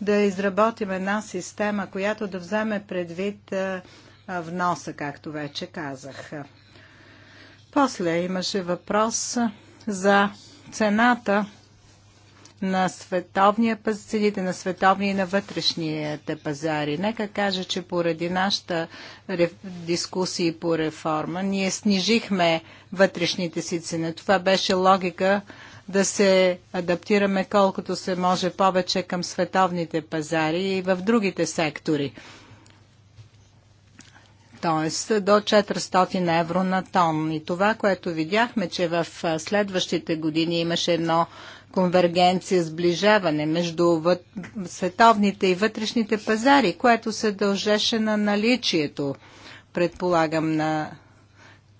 Speaker 4: да изработим една система, която да вземе предвид а, а, вноса, както вече казах. После имаше въпрос за цената на световния пазар, цените на световния и на вътрешните пазари. Нека кажа, че поради нашата реф... по реформа, ние снижихме вътрешните си цени. Това беше логика да се адаптираме колкото се може повече към световните пазари и в другите сектори т.е. до 400 евро на тон. И това, което видяхме, че в следващите години имаше едно конвергенция, сближаване между световните и вътрешните пазари, което се дължеше на наличието, предполагам, на,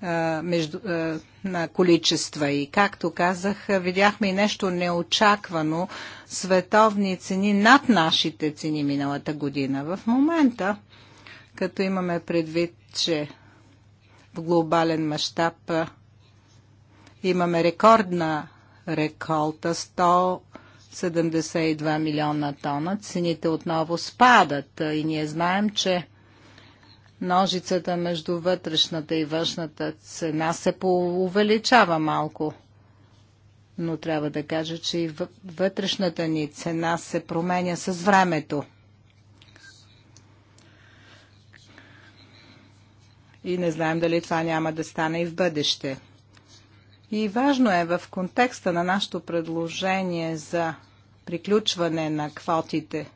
Speaker 4: а, между, а, на количества. И както казах, видяхме и нещо неочаквано, световни цени над нашите цени миналата година. В момента като имаме предвид, че в глобален мащаб имаме рекордна реколта 172 милиона тона. Цените отново спадат и ние знаем, че ножицата между вътрешната и външната цена се увеличава малко. Но трябва да кажа, че и вътрешната ни цена се променя с времето. и не знаем дали това няма да стане и в бъдеще. И важно е в контекста на нашето предложение за приключване на квотите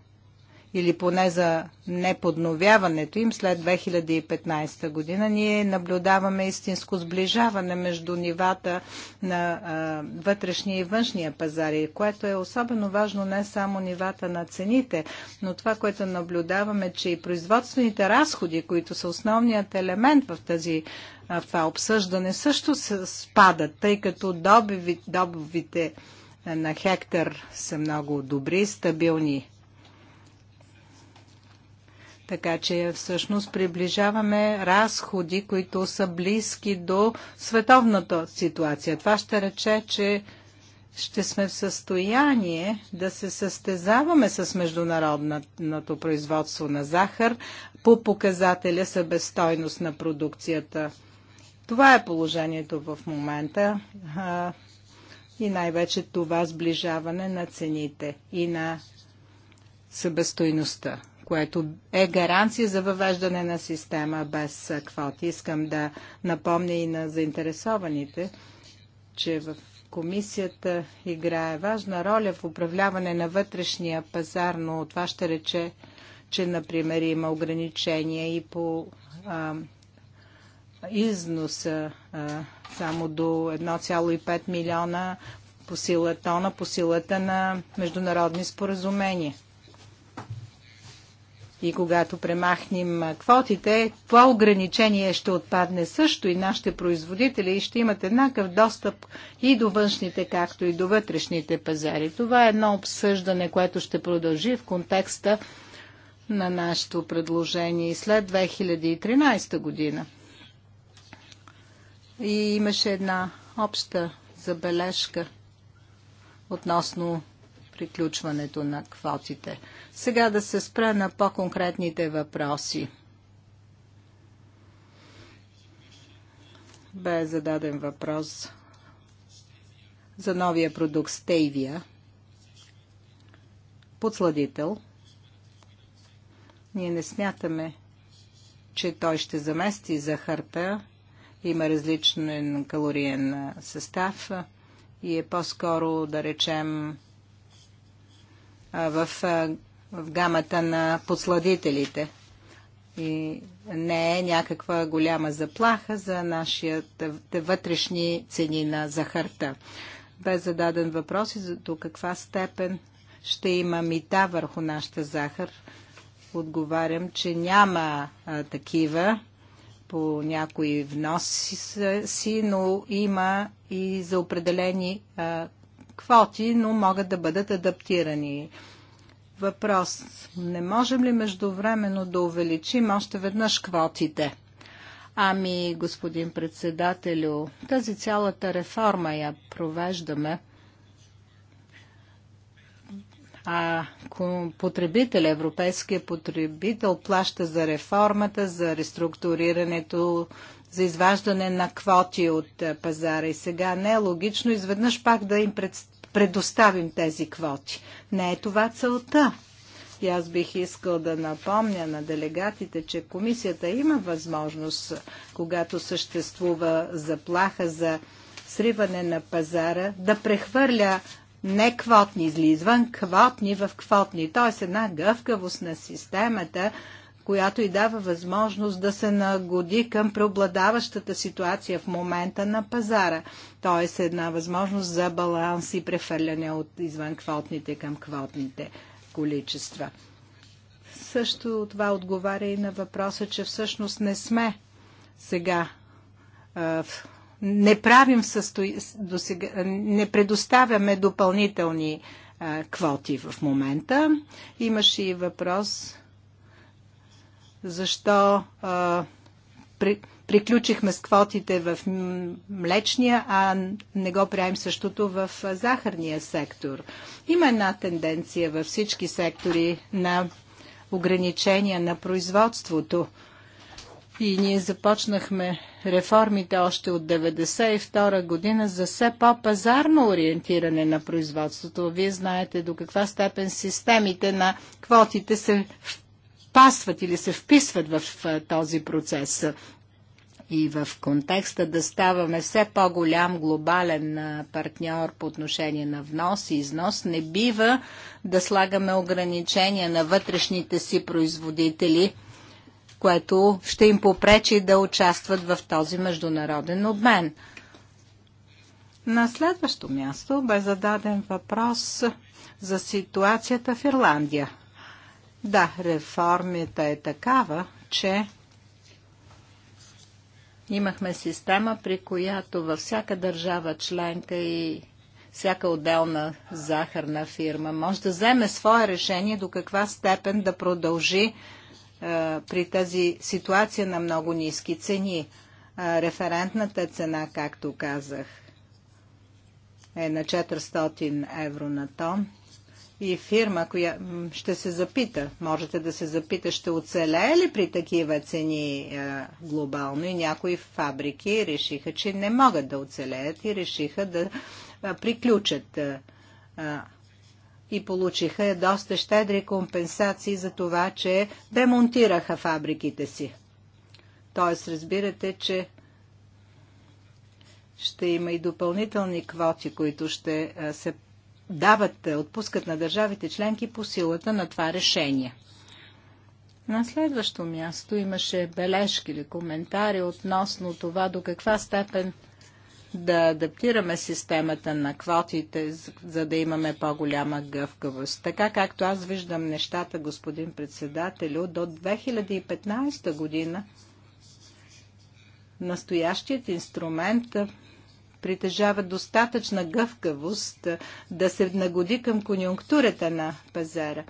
Speaker 4: или поне за неподновяването им след 2015 година, ние наблюдаваме истинско сближаване между нивата на а, вътрешния и външния пазари, което е особено важно не само нивата на цените, но това, което наблюдаваме, че и производствените разходи, които са основният елемент в тази а, това обсъждане също се спадат, тъй като добивите на хектар са много добри, стабилни така че всъщност приближаваме разходи, които са близки до световната ситуация. Това ще рече, че ще сме в състояние да се състезаваме с международното производство на захар по показателя събестойност на продукцията. Това е положението в момента а, и най-вече това сближаване на цените и на събестойността което е гаранция за въвеждане на система без квоти. Искам да напомня и на заинтересованите, че в комисията играе важна роля в управляване на вътрешния пазар, но това ще рече, че, например, има ограничения и по а, износа а, само до 1,5 милиона по силата, тона по силата на международни споразумения. И когато премахнем квотите, това ограничение ще отпадне също и нашите производители и ще имат еднакъв достъп и до външните, както и до вътрешните пазари. Това е едно обсъждане, което ще продължи в контекста на нашето предложение след 2013 година. И имаше една обща забележка относно приключването на квотите. Сега да се спра на по-конкретните въпроси. Бе зададен въпрос за новия продукт Стевия. Подсладител. Ние не смятаме, че той ще замести захарта. Има различен калориен състав и е по-скоро, да речем, в в гамата на подсладителите и не е някаква голяма заплаха за нашите вътрешни цени на захарта. Бе зададен въпрос и за до каква степен ще има мита върху нашата захар. Отговарям, че няма а, такива по някои вноси си, но има и за определени а, квоти, но могат да бъдат адаптирани въпрос. Не можем ли междувременно да увеличим още веднъж квотите? Ами, господин председателю, тази цялата реформа я провеждаме. А потребител, европейския потребител плаща за реформата, за реструктурирането, за изваждане на квоти от пазара. И сега не е логично изведнъж пак да им представим предоставим тези квоти. Не е това целта. И аз бих искал да напомня на делегатите, че комисията има възможност, когато съществува заплаха за сриване на пазара, да прехвърля не квотни или извън квотни в квотни. Т.е. една гъвкавост на системата, която и дава възможност да се нагоди към преобладаващата ситуация в момента на пазара, т.е. една възможност за баланс и префърляне от извън квотните към квотните количества. Също това отговаря и на въпроса, че всъщност не сме сега не правим състои... сега... не предоставяме допълнителни а, квоти в момента. Имаше и въпрос защо а, при, приключихме с квотите в млечния, а не го правим същото в захарния сектор. Има една тенденция във всички сектори на ограничения на производството. И ние започнахме реформите още от 1992 година за все по-пазарно ориентиране на производството. Вие знаете до каква степен системите на квотите се пасват или се вписват в този процес и в контекста да ставаме все по-голям глобален партньор по отношение на внос и износ, не бива да слагаме ограничения на вътрешните си производители, което ще им попречи да участват в този международен обмен. На следващо място бе зададен въпрос за ситуацията в Ирландия. Да, реформата е такава, че имахме система, при която във всяка държава членка и всяка отделна захарна фирма може да вземе свое решение до каква степен да продължи е, при тази ситуация на много ниски цени. Е, референтната цена, както казах, е на 400 евро на тон и фирма, коя ще се запита, можете да се запита, ще оцелее ли при такива цени е, глобално и някои фабрики решиха, че не могат да оцелеят и решиха да е, приключат е, е и получиха доста щедри компенсации за това, че демонтираха фабриките си. Тоест, разбирате, че ще има и допълнителни квоти, които ще е, се дават, е, отпускат на държавите членки по силата на това решение. На следващо място имаше бележки или коментари относно това до каква степен да адаптираме системата на квотите, за да имаме по-голяма гъвкавост. Така както аз виждам нещата, господин председателю, до 2015 година настоящият инструмент притежава достатъчна гъвкавост да се нагоди към конюнктурата на пазара,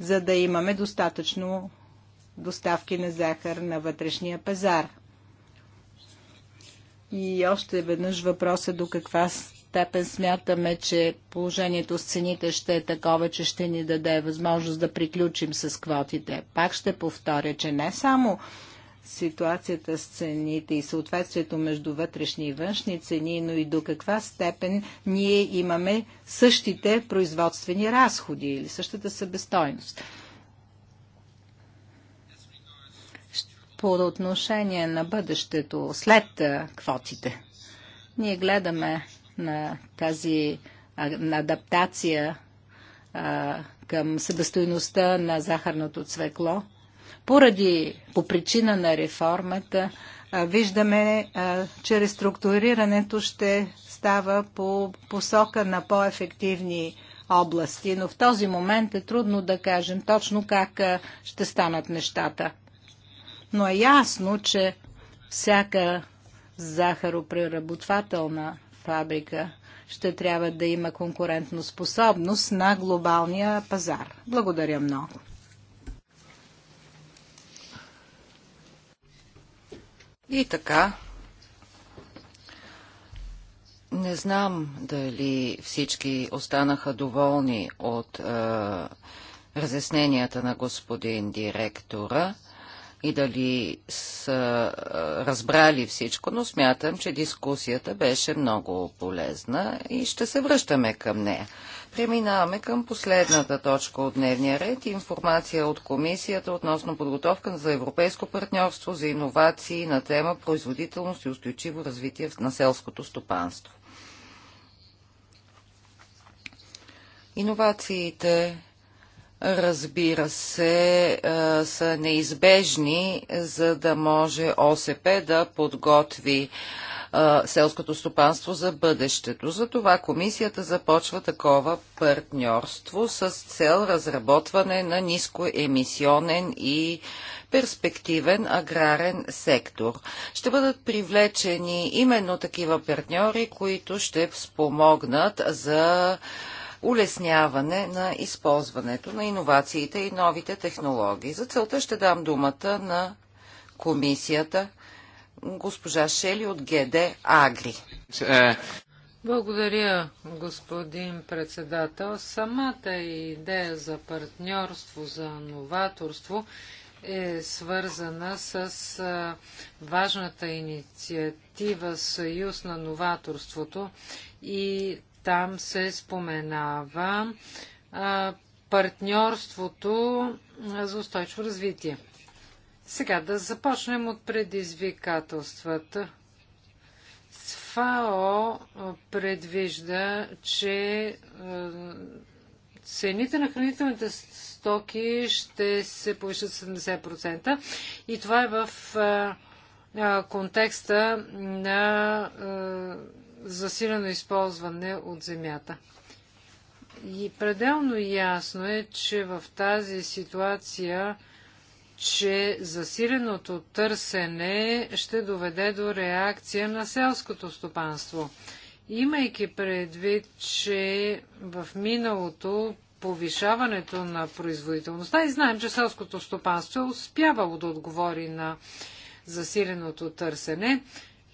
Speaker 4: за да имаме достатъчно доставки на захар на вътрешния пазар. И още веднъж въпроса до каква степен смятаме, че положението с цените ще е такова, че ще ни даде възможност да приключим с квотите. Пак ще повторя, че не само ситуацията с цените и съответствието между вътрешни и външни цени, но и до каква степен ние имаме същите производствени разходи или същата събестойност. По отношение на бъдещето след квотите, ние гледаме на тази на адаптация към събестойността на захарното цвекло – поради по причина на реформата виждаме, че реструктурирането ще става по посока на по-ефективни области, но в този момент е трудно да кажем точно как ще станат нещата. Но е ясно, че всяка захаропреработвателна фабрика ще трябва да има конкурентно способност на глобалния пазар. Благодаря много. И така,
Speaker 3: не знам дали всички останаха доволни от е, разясненията на господин директора и дали са е, разбрали всичко, но смятам, че дискусията беше много полезна и ще се връщаме към нея. Преминаваме към последната точка от дневния ред. Информация от комисията относно подготовка за европейско партньорство за иновации на тема производителност и устойчиво развитие на селското стопанство. Иновациите, разбира се, са неизбежни, за да може ОСП да подготви а, селското стопанство за бъдещето. Затова комисията започва такова партньорство с цел разработване на нискоемисионен и перспективен аграрен сектор. Ще бъдат привлечени именно такива партньори, които ще спомогнат за улесняване на използването на иновациите и новите технологии. За целта ще дам думата на комисията госпожа Шели от ГД Агри.
Speaker 2: Благодаря, господин председател. Самата идея за партньорство, за новаторство е свързана с важната инициатива Съюз на новаторството и там се споменава партньорството за устойчиво развитие. Сега да започнем от предизвикателствата. СФАО предвижда, че цените на хранителните стоки ще се повишат 70% и това е в контекста на засилено използване от земята. И пределно ясно е, че в тази ситуация че засиленото търсене ще доведе до реакция на селското стопанство. Имайки предвид, че в миналото повишаването на производителността и знаем, че селското стопанство е успявало да отговори на засиленото търсене,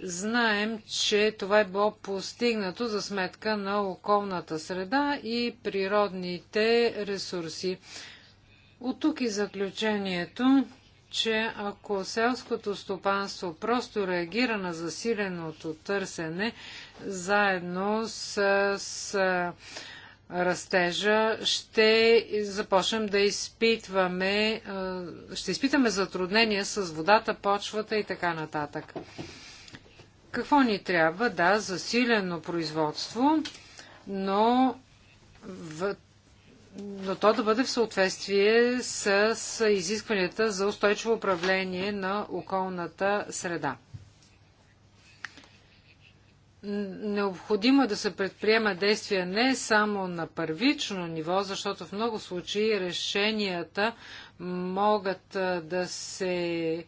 Speaker 2: знаем, че това е било постигнато за сметка на околната среда и природните ресурси. От тук и заключението, че ако селското стопанство просто реагира на засиленото търсене, заедно с, с растежа, ще започнем да изпитваме, ще изпитаме затруднения с водата, почвата и така нататък. Какво ни трябва? Да, засилено производство, но но то да бъде в съответствие с изискванията за устойчиво управление на околната среда. Необходимо е да се предприема действия не само на първично ниво, защото в много случаи решенията могат да се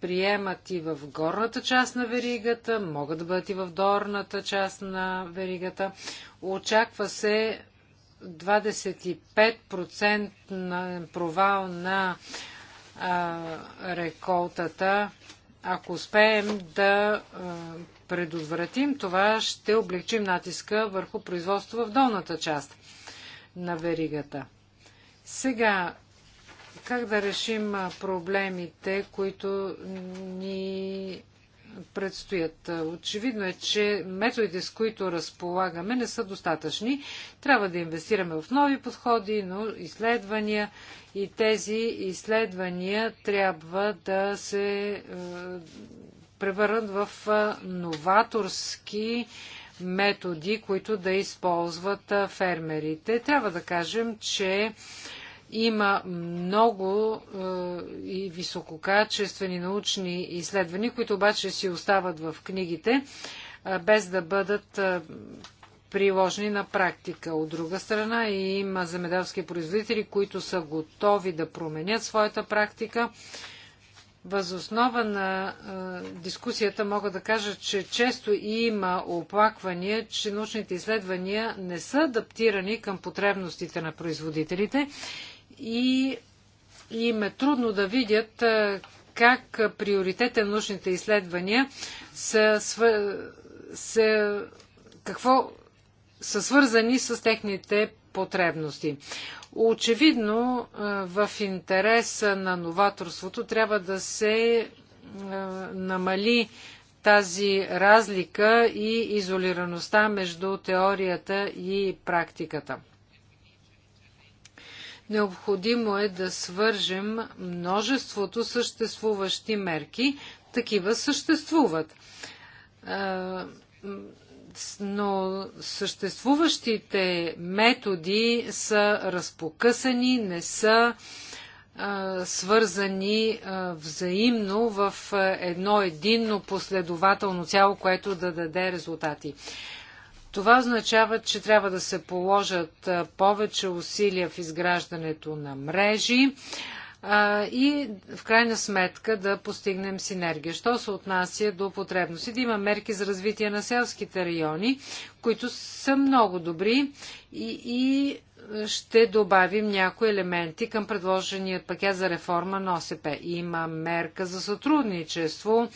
Speaker 2: приемат и в горната част на веригата, могат да бъдат и в долната част на веригата. Очаква се 25% на провал на а, реколтата. Ако успеем да а, предотвратим това, ще облегчим натиска върху производство в долната част на веригата. Сега, как да решим проблемите, които ни предстоят. Очевидно е, че методите, с които разполагаме, не са достатъчни. Трябва да инвестираме в нови подходи, но изследвания и тези изследвания трябва да се превърнат в новаторски методи, които да използват фермерите. Трябва да кажем, че има много е, и висококачествени научни изследвания, които обаче си остават в книгите, е, без да бъдат приложни е, приложени на практика. От друга страна има земеделски производители, които са готови да променят своята практика. Възоснова на е, дискусията мога да кажа, че често има оплаквания, че научните изследвания не са адаптирани към потребностите на производителите и им е трудно да видят как приоритета на научните изследвания са, са, какво, са свързани с техните потребности. Очевидно, в интереса на новаторството трябва да се намали тази разлика и изолираността между теорията и практиката. Необходимо е да свържем множеството съществуващи мерки. Такива съществуват. Но съществуващите методи са разпокъсани, не са свързани взаимно в едно единно последователно цяло, което да даде резултати. Това означава, че трябва да се положат повече усилия в изграждането на мрежи и в крайна сметка да постигнем синергия. Що се отнася до потребности? Да има мерки за развитие на селските райони, които са много добри и, и ще добавим някои елементи към предложения пакет за реформа на ОСП. Има мерка за сътрудничество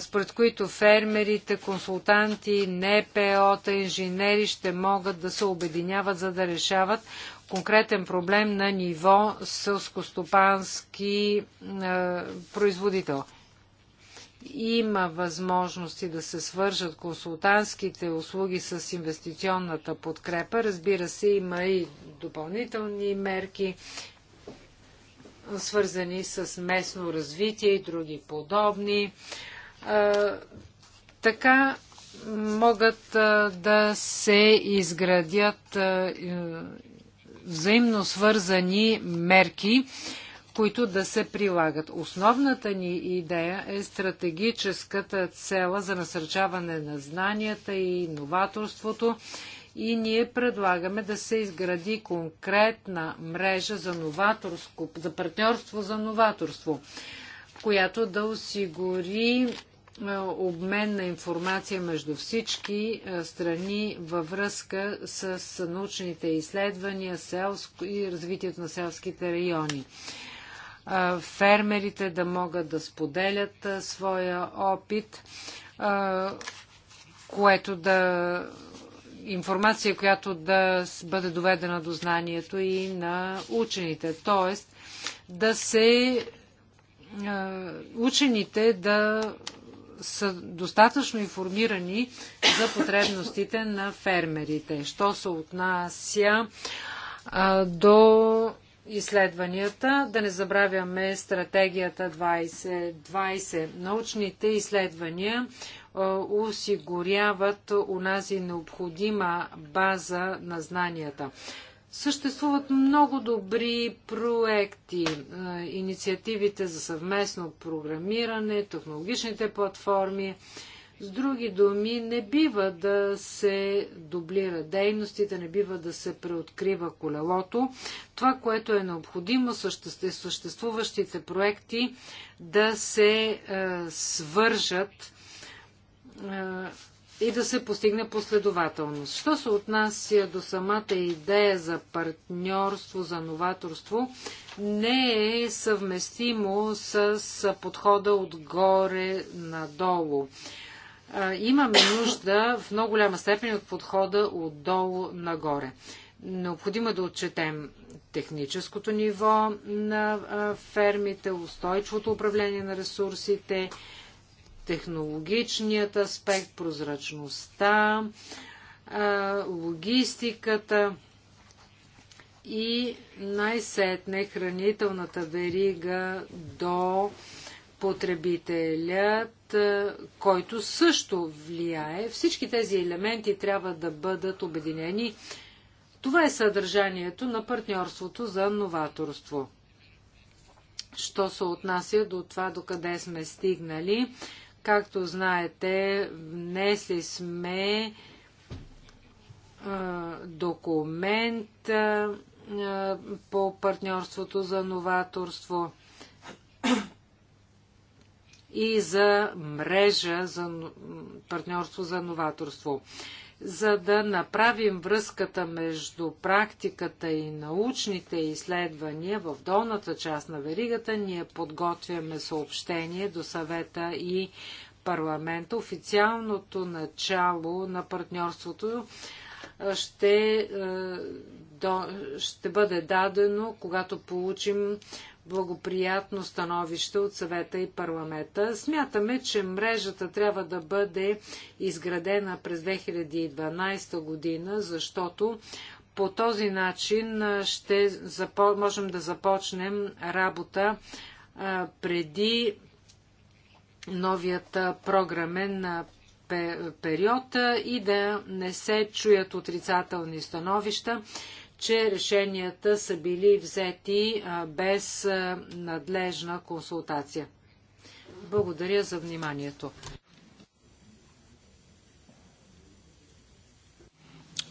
Speaker 2: според които фермерите, консултанти, НПО-та, инженери ще могат да се обединяват, за да решават конкретен проблем на ниво сълскостопански производител. Има възможности да се свържат консултантските услуги с инвестиционната подкрепа. Разбира се, има и допълнителни мерки, свързани с местно развитие и други подобни така могат да се изградят взаимно свързани мерки, които да се прилагат. Основната ни идея е стратегическата цела за насърчаване на знанията и новаторството и ние предлагаме да се изгради конкретна мрежа за, новаторско, за партньорство за новаторство, която да осигури е, обмен на информация между всички е, страни във връзка с научните изследвания селско и развитието на селските райони. Е, фермерите да могат да споделят своя опит, което да информация, която да бъде доведена до знанието и на учените. Тоест да се учените да са достатъчно информирани за потребностите на фермерите. Що се отнася а, до изследванията, да не забравяме стратегията 2020. 20. Научните изследвания осигуряват унази необходима база на знанията. Съществуват много добри проекти, е, инициативите за съвместно програмиране, технологичните платформи. С други думи, не бива да се дублира дейностите, не бива да се преоткрива колелото. Това, което е необходимо, е съществуващите проекти да се е, свържат е, и да се постигне последователност. Що се отнася до самата идея за партньорство, за новаторство, не е съвместимо с подхода отгоре надолу. Имаме нужда в много голяма степен от подхода отдолу нагоре. Необходимо е да отчетем техническото ниво на фермите, устойчивото управление на ресурсите, технологичният аспект, прозрачността, логистиката и най-сетне хранителната верига до потребителят, който също влияе. Всички тези елементи трябва да бъдат обединени. Това е съдържанието на партньорството за новаторство. Що се отнася до това, докъде сме стигнали, Както знаете, внесли сме документ по партньорството за новаторство и за мрежа за партньорство за новаторство за да направим връзката между практиката и научните изследвания в долната част на веригата, ние подготвяме съобщение до съвета и парламента. Официалното начало на партньорството ще, ще бъде дадено, когато получим благоприятно становище от съвета и парламента. Смятаме, че мрежата трябва да бъде изградена през 2012 година, защото по този начин ще запо... можем да започнем работа а, преди новият програмен период и да не се чуят отрицателни становища че решенията са били взети без надлежна консултация. Благодаря за вниманието.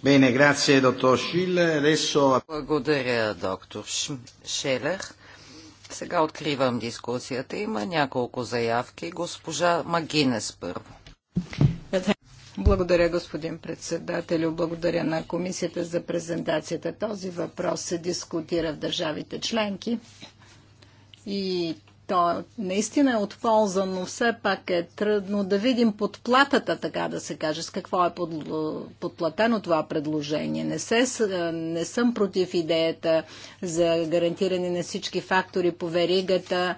Speaker 1: Bene, grazie Adesso...
Speaker 3: Благодаря, доктор Шелер. Сега откривам дискусията. Има няколко заявки. Госпожа Магинес първо.
Speaker 4: Благодаря, господин председател, Благодаря на комисията за презентацията. Този въпрос се дискутира в държавите членки и то наистина е от полза, но все пак е трудно да видим подплатата, така да се каже, с какво е подплатено това предложение. Не, се, не съм против идеята за гарантиране на всички фактори по веригата,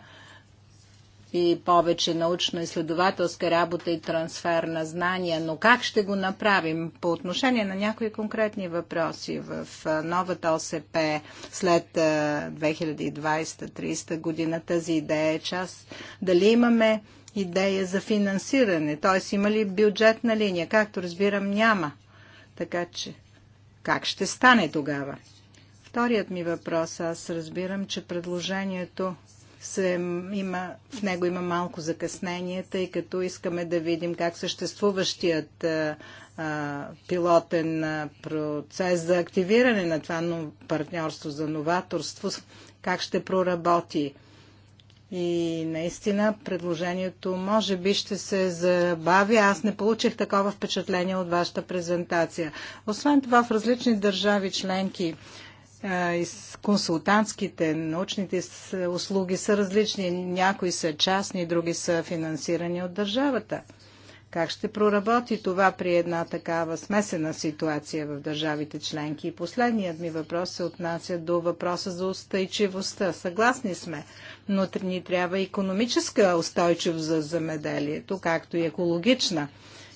Speaker 4: и повече научно-изследователска работа и трансфер на знания, но как ще го направим по отношение на някои конкретни въпроси в новата ОСП след 2020-30 година? Тази идея е част. Дали имаме идея за финансиране? Т.е. има ли бюджетна линия? Както разбирам, няма. Така че как ще стане тогава? Вторият ми въпрос. Аз разбирам, че предложението се, има, в него има малко закъснение, тъй като искаме да видим как съществуващият а, а, пилотен а, процес за активиране на това но, партньорство за новаторство, как ще проработи. И наистина предложението може би ще се забави. Аз не получих такова впечатление от вашата презентация. Освен това, в различни държави членки консултантските, научните услуги са различни. Някои са частни, други са финансирани от държавата. Как ще проработи това при една такава смесена ситуация в държавите членки? И последният ми въпрос се отнася до въпроса за устойчивостта. Съгласни сме, но ни трябва економическа устойчивост за замеделието, както и екологична.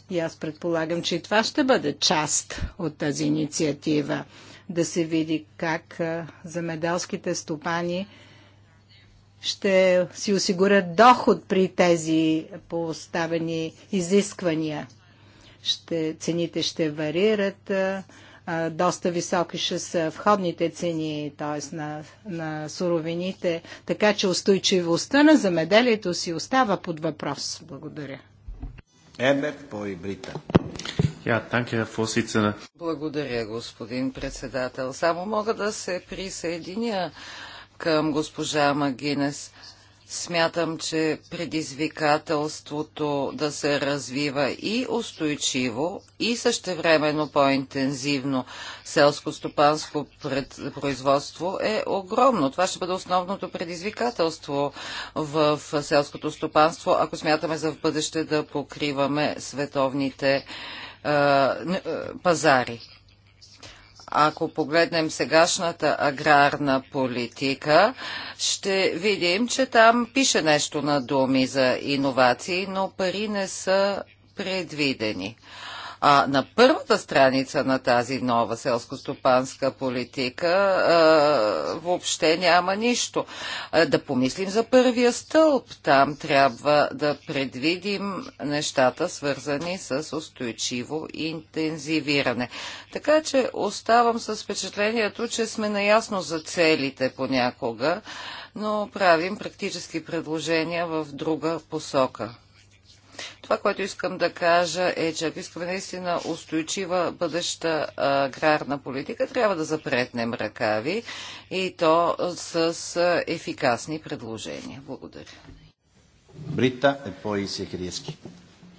Speaker 4: И аз предполагам, че и това ще бъде част от тази инициатива да се види как замеделските стопани ще си осигурят доход при тези поставени изисквания. Ще, цените ще варират, доста високи ще са входните цени, т.е. На, на суровините, така че устойчивостта на замеделието си остава под въпрос. Благодаря.
Speaker 1: Емер по ибрита.
Speaker 3: Благодаря, господин председател. Само мога да се присъединя към госпожа Магинес. Смятам, че предизвикателството да се развива и устойчиво, и същевременно по-интензивно селско-стопанско производство е огромно. Това ще бъде основното предизвикателство в селското стопанство, ако смятаме за в бъдеще да покриваме световните пазари. Ако погледнем сегашната аграрна политика, ще видим, че там пише нещо на думи за иновации, но пари не са предвидени. А на първата страница на тази нова селско-стопанска политика а, въобще няма нищо. А, да помислим за първия стълб. Там трябва да предвидим нещата, свързани с устойчиво интензивиране. Така че оставам с впечатлението, че сме наясно за целите понякога, но правим практически предложения в друга посока. Това, което искам да кажа е, че ако искаме наистина устойчива бъдеща аграрна политика, трябва да запретнем ръкави и то с ефикасни предложения. Благодаря.
Speaker 1: Брита е по Я,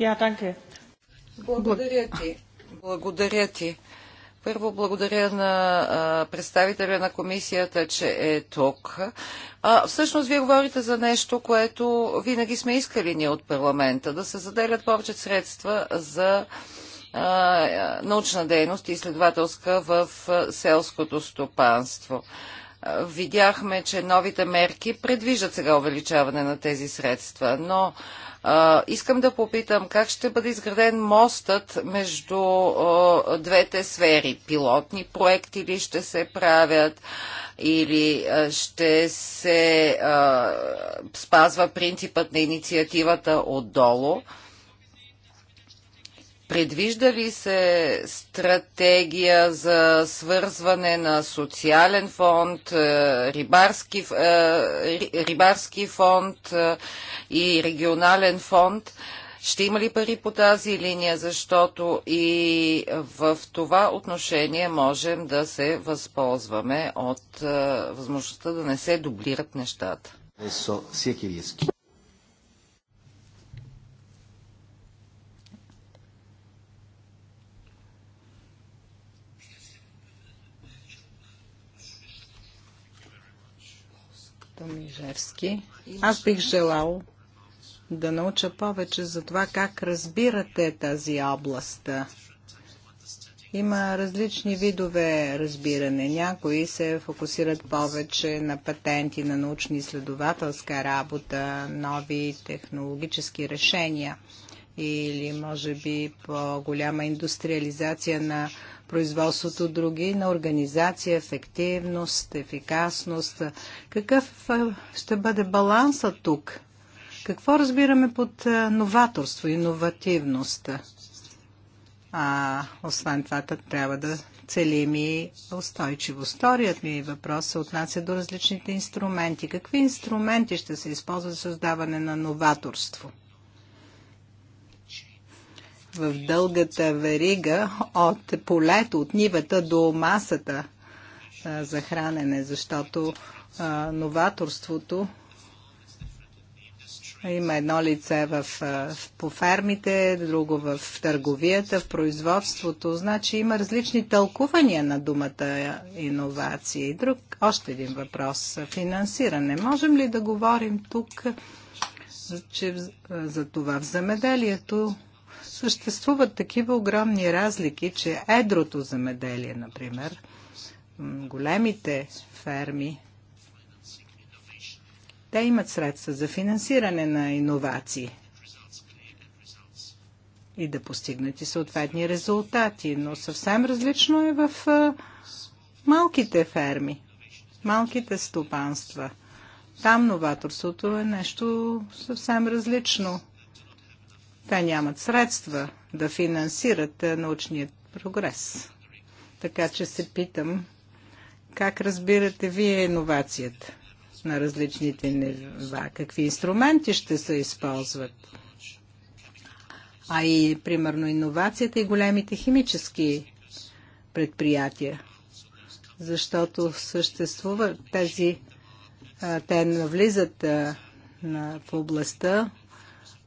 Speaker 4: yeah, Благодаря
Speaker 3: ти. Благодаря ти. Първо благодаря на представителя на комисията, че е тук. А, всъщност вие говорите за нещо, което винаги сме искали ние от парламента, да се заделят повече средства за научна дейност и изследователска в селското стопанство видяхме, че новите мерки предвиждат сега увеличаване на тези средства, но а, искам да попитам как ще бъде изграден мостът между а, двете сфери. Пилотни проекти ли ще се правят или а, ще се а, спазва принципът на инициативата отдолу? А, Предвижда ли се стратегия за свързване на социален фонд, е, рибарски, е, рибарски фонд е, и регионален фонд? Ще има ли пари по тази линия, защото и в това отношение можем да се възползваме от възможността да не се дублират нещата? е Сикириски.
Speaker 4: господин Мижевски. Аз бих желал да науча повече за това как разбирате тази област. Има различни видове разбиране. Някои се фокусират повече на патенти, на научно-изследователска работа, нови технологически решения или може би по-голяма индустриализация на производството, други на организация, ефективност, ефикасност. Какъв ще бъде балансът тук? Какво разбираме под новаторство, иновативност? А, освен това, трябва да целим и устойчивост. Вторият ми въпрос се отнася до различните инструменти. Какви инструменти ще се използват за създаване на новаторство? в дългата верига от полето, от нивата до масата за хранене, защото новаторството има едно лице в, в, по фермите, друго в търговията, в производството. Значи има различни тълкувания на думата иновация. И друг, още един въпрос – финансиране. Можем ли да говорим тук че, за това в замеделието съществуват такива огромни разлики, че едрото замеделие, например, големите ферми, те имат средства за финансиране на иновации и да постигнат и съответни резултати. Но съвсем различно е в малките ферми, малките стопанства. Там новаторството е нещо съвсем различно. Те нямат средства да финансират е, научният прогрес. Така че се питам как разбирате вие иновацията на различните нива, какви инструменти ще се използват. А и, примерно, иновацията и големите химически предприятия. Защото съществуват тези, те навлизат в областта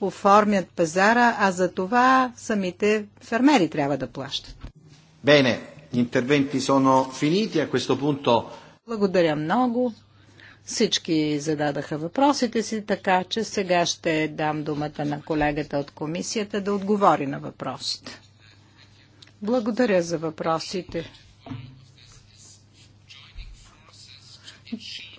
Speaker 4: оформят пазара, а за това самите фермери трябва да плащат.
Speaker 1: Бене, интервенти sono finiti a questo punto.
Speaker 4: Благодаря много. Всички зададаха въпросите си, така че сега ще дам думата на колегата от комисията да отговори на въпросите. Благодаря за въпросите.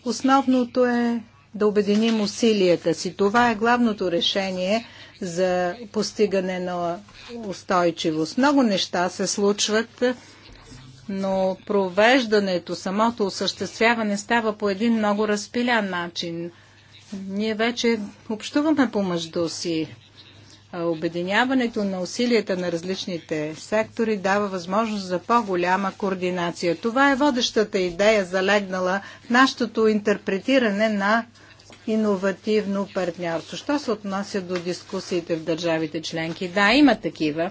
Speaker 4: Основното е да обединим усилията си. Това е главното решение за постигане на устойчивост. Много неща се случват, но провеждането, самото осъществяване става по един много разпилян начин. Ние вече общуваме помежду си. Обединяването на усилията на различните сектори дава възможност за по-голяма координация. Това е водещата идея, залегнала в нашето интерпретиране на иновативно партньорство. Що се отнася до дискусиите в държавите членки? Да, има такива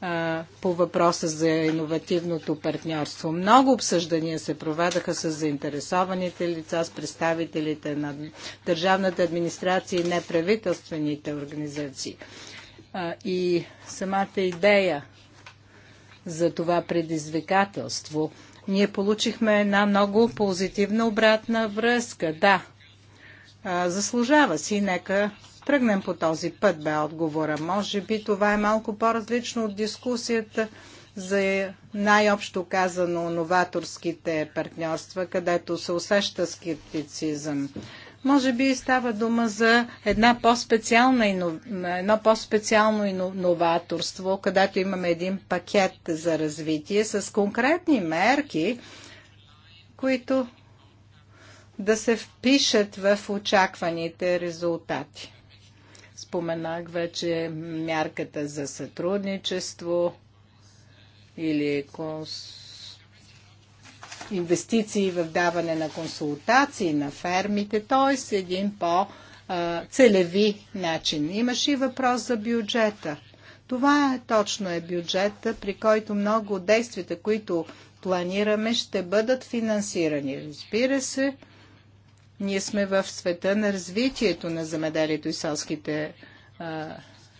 Speaker 4: а, по въпроса за иновативното партньорство. Много обсъждания се проведаха с заинтересованите лица, с представителите на държавната администрация и неправителствените организации. А, и самата идея за това предизвикателство. Ние получихме една много позитивна обратна връзка. Да, заслужава си. Нека тръгнем по този път, бе отговора. Може би това е малко по-различно от дискусията за най-общо казано новаторските партньорства, където се усеща скептицизъм. Може би става дума за една по-специална, едно по-специално новаторство, където имаме един пакет за развитие с конкретни мерки, които да се впишат в очакваните резултати. Споменах вече мярката за сътрудничество или конс... инвестиции в даване на консултации на фермите, т.е. един по-целеви начин. Имаше и въпрос за бюджета. Това е точно е бюджета, при който много от действията, които планираме, ще бъдат финансирани. Разбира се, ние сме в света на развитието на земеделието и селските а,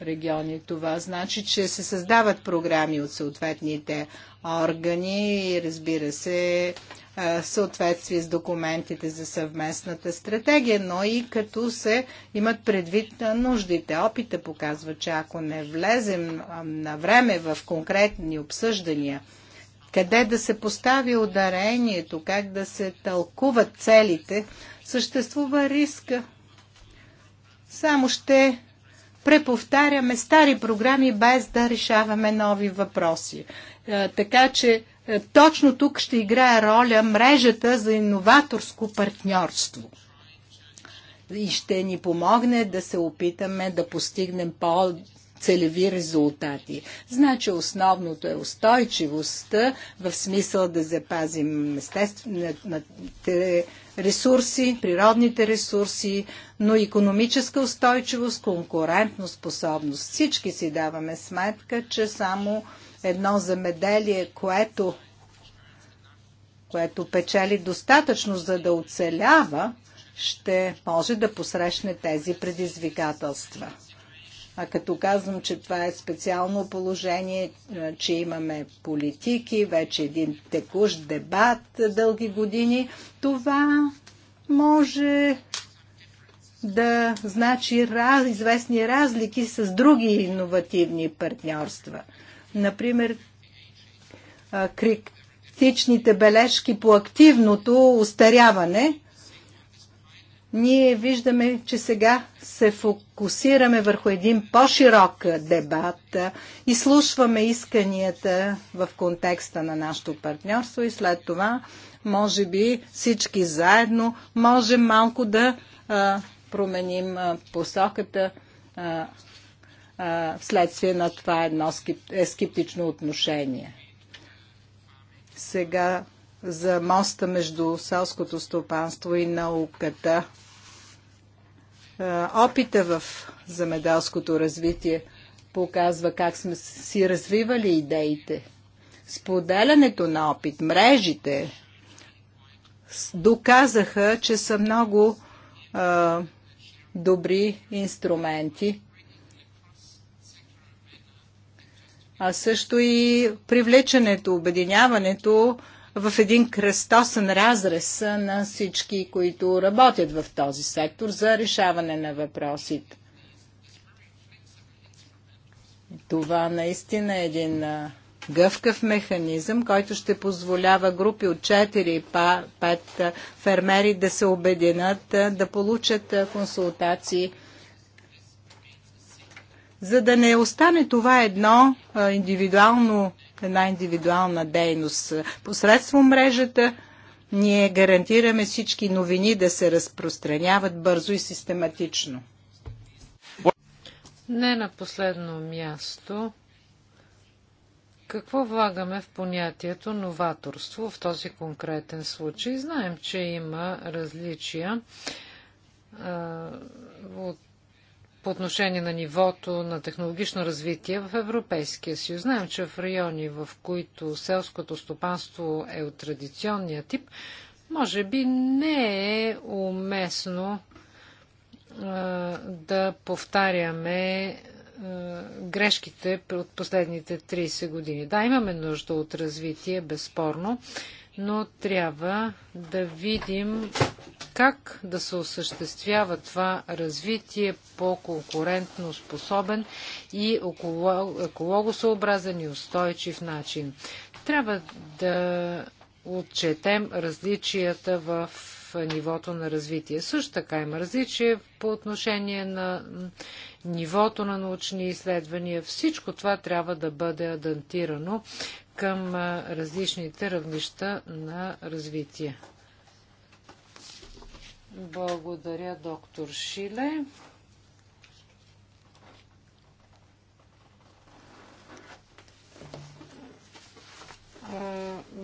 Speaker 4: региони. Това значи, че се създават програми от съответните органи и разбира се а, съответствие с документите за съвместната стратегия, но и като се имат предвид на нуждите. Опита показва, че ако не влезем на време в конкретни обсъждания, къде да се постави ударението, как да се тълкуват целите, съществува риск. Само ще преповтаряме стари програми, без да решаваме нови въпроси. Е, така че е, точно тук ще играе роля мрежата за иноваторско партньорство и ще ни помогне да се опитаме да постигнем по целеви резултати. Значи основното е устойчивостта в смисъл да запазим естествените ресурси, природните ресурси, но економическа устойчивост, конкурентно способност. Всички си даваме сметка, че само едно замеделие, което, което печели достатъчно за да оцелява, ще може да посрещне тези предизвикателства. А като казвам, че това е специално положение, е, че имаме политики, вече един текущ дебат дълги години, това може да значи раз, известни разлики с други иновативни партньорства. Например, е, критичните бележки по активното устаряване ние виждаме, че сега се фокусираме върху един по-широк дебат, и слушваме исканията в контекста на нашето партньорство и след това, може би, всички заедно можем малко да а, променим а, посоката а, а, вследствие на това едно е скептично отношение. Сега за моста между селското стопанство и науката. Е, опита в замедалското развитие показва как сме си развивали идеите. Споделянето на опит, мрежите доказаха, че са много а, е, добри инструменти, а също и привличането, обединяването в един кръстосен разрез на всички, които работят в този сектор за решаване на въпросите. Това наистина е един гъвкав механизъм, който ще позволява групи от 4-5 фермери да се обединят, да получат консултации, за да не остане това едно индивидуално една индивидуална дейност. Посредством мрежата ние гарантираме всички новини да се разпространяват бързо и систематично.
Speaker 2: Не на последно място. Какво влагаме в понятието новаторство в този конкретен случай? Знаем, че има различия от по отношение на нивото на технологично развитие в Европейския съюз. Знаем, че в райони, в които селското стопанство е от традиционния тип, може би не е уместно да повтаряме грешките от последните 30 години. Да, имаме нужда от развитие, безспорно, но трябва да видим как да се осъществява това развитие по-конкурентно способен и екологосъобразен и устойчив начин. Трябва да отчетем различията в нивото на развитие. Също така има различие по отношение на нивото на научни изследвания. Всичко това трябва да бъде адантирано към различните равнища на развитие. Благодаря, доктор Шиле.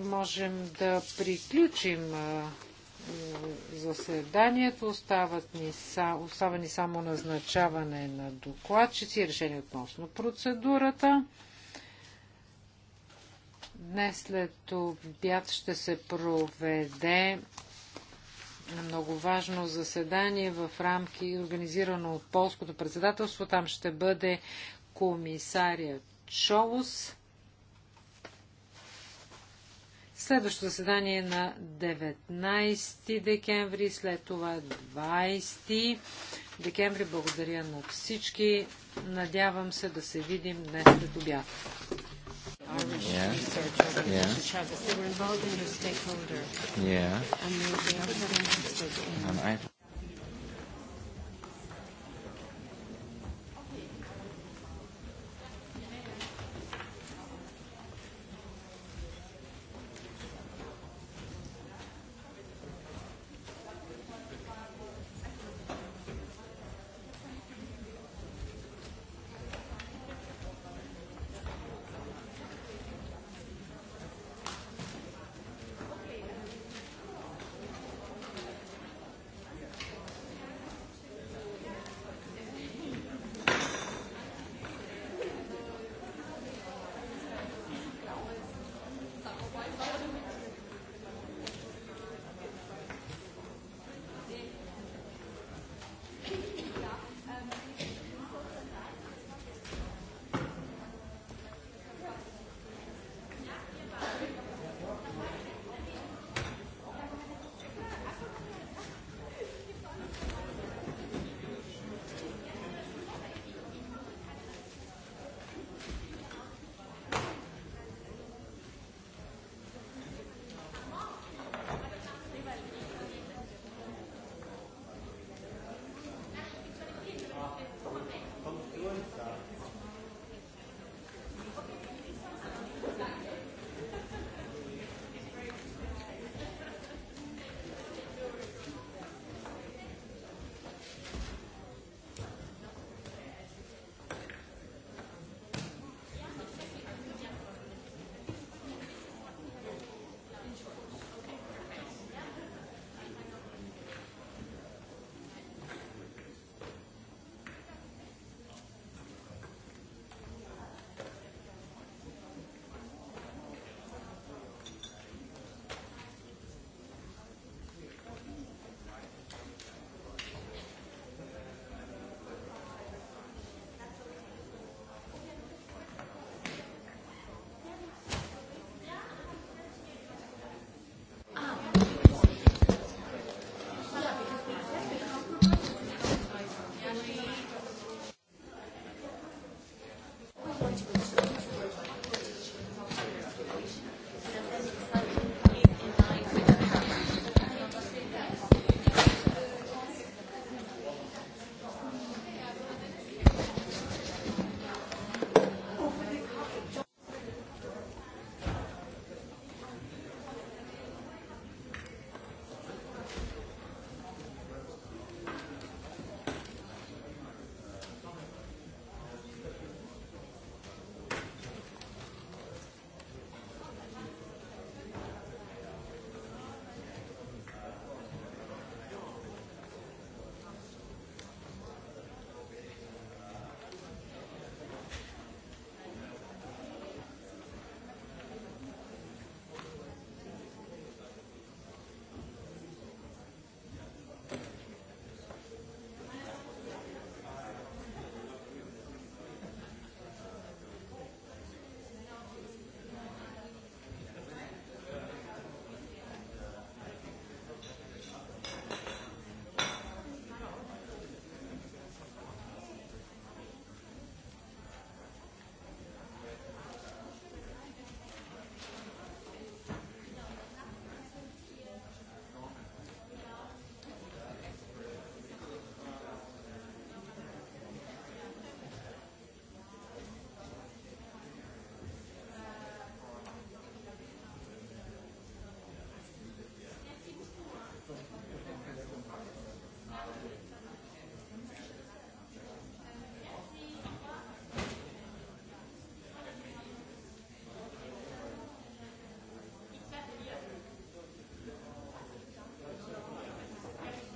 Speaker 2: можем да приключим заседанието. Остават ни са, остава ни само назначаване на докладчици и решение относно процедурата. Днес след обяд ще се проведе много важно заседание в рамки, организирано от полското председателство. Там ще бъде комисария Чолос Следващото заседание е на 19 декември, след това 20 е декември. Благодаря на всички. Надявам се да се видим днес след обяд. Yeah. Yeah.
Speaker 1: Yeah.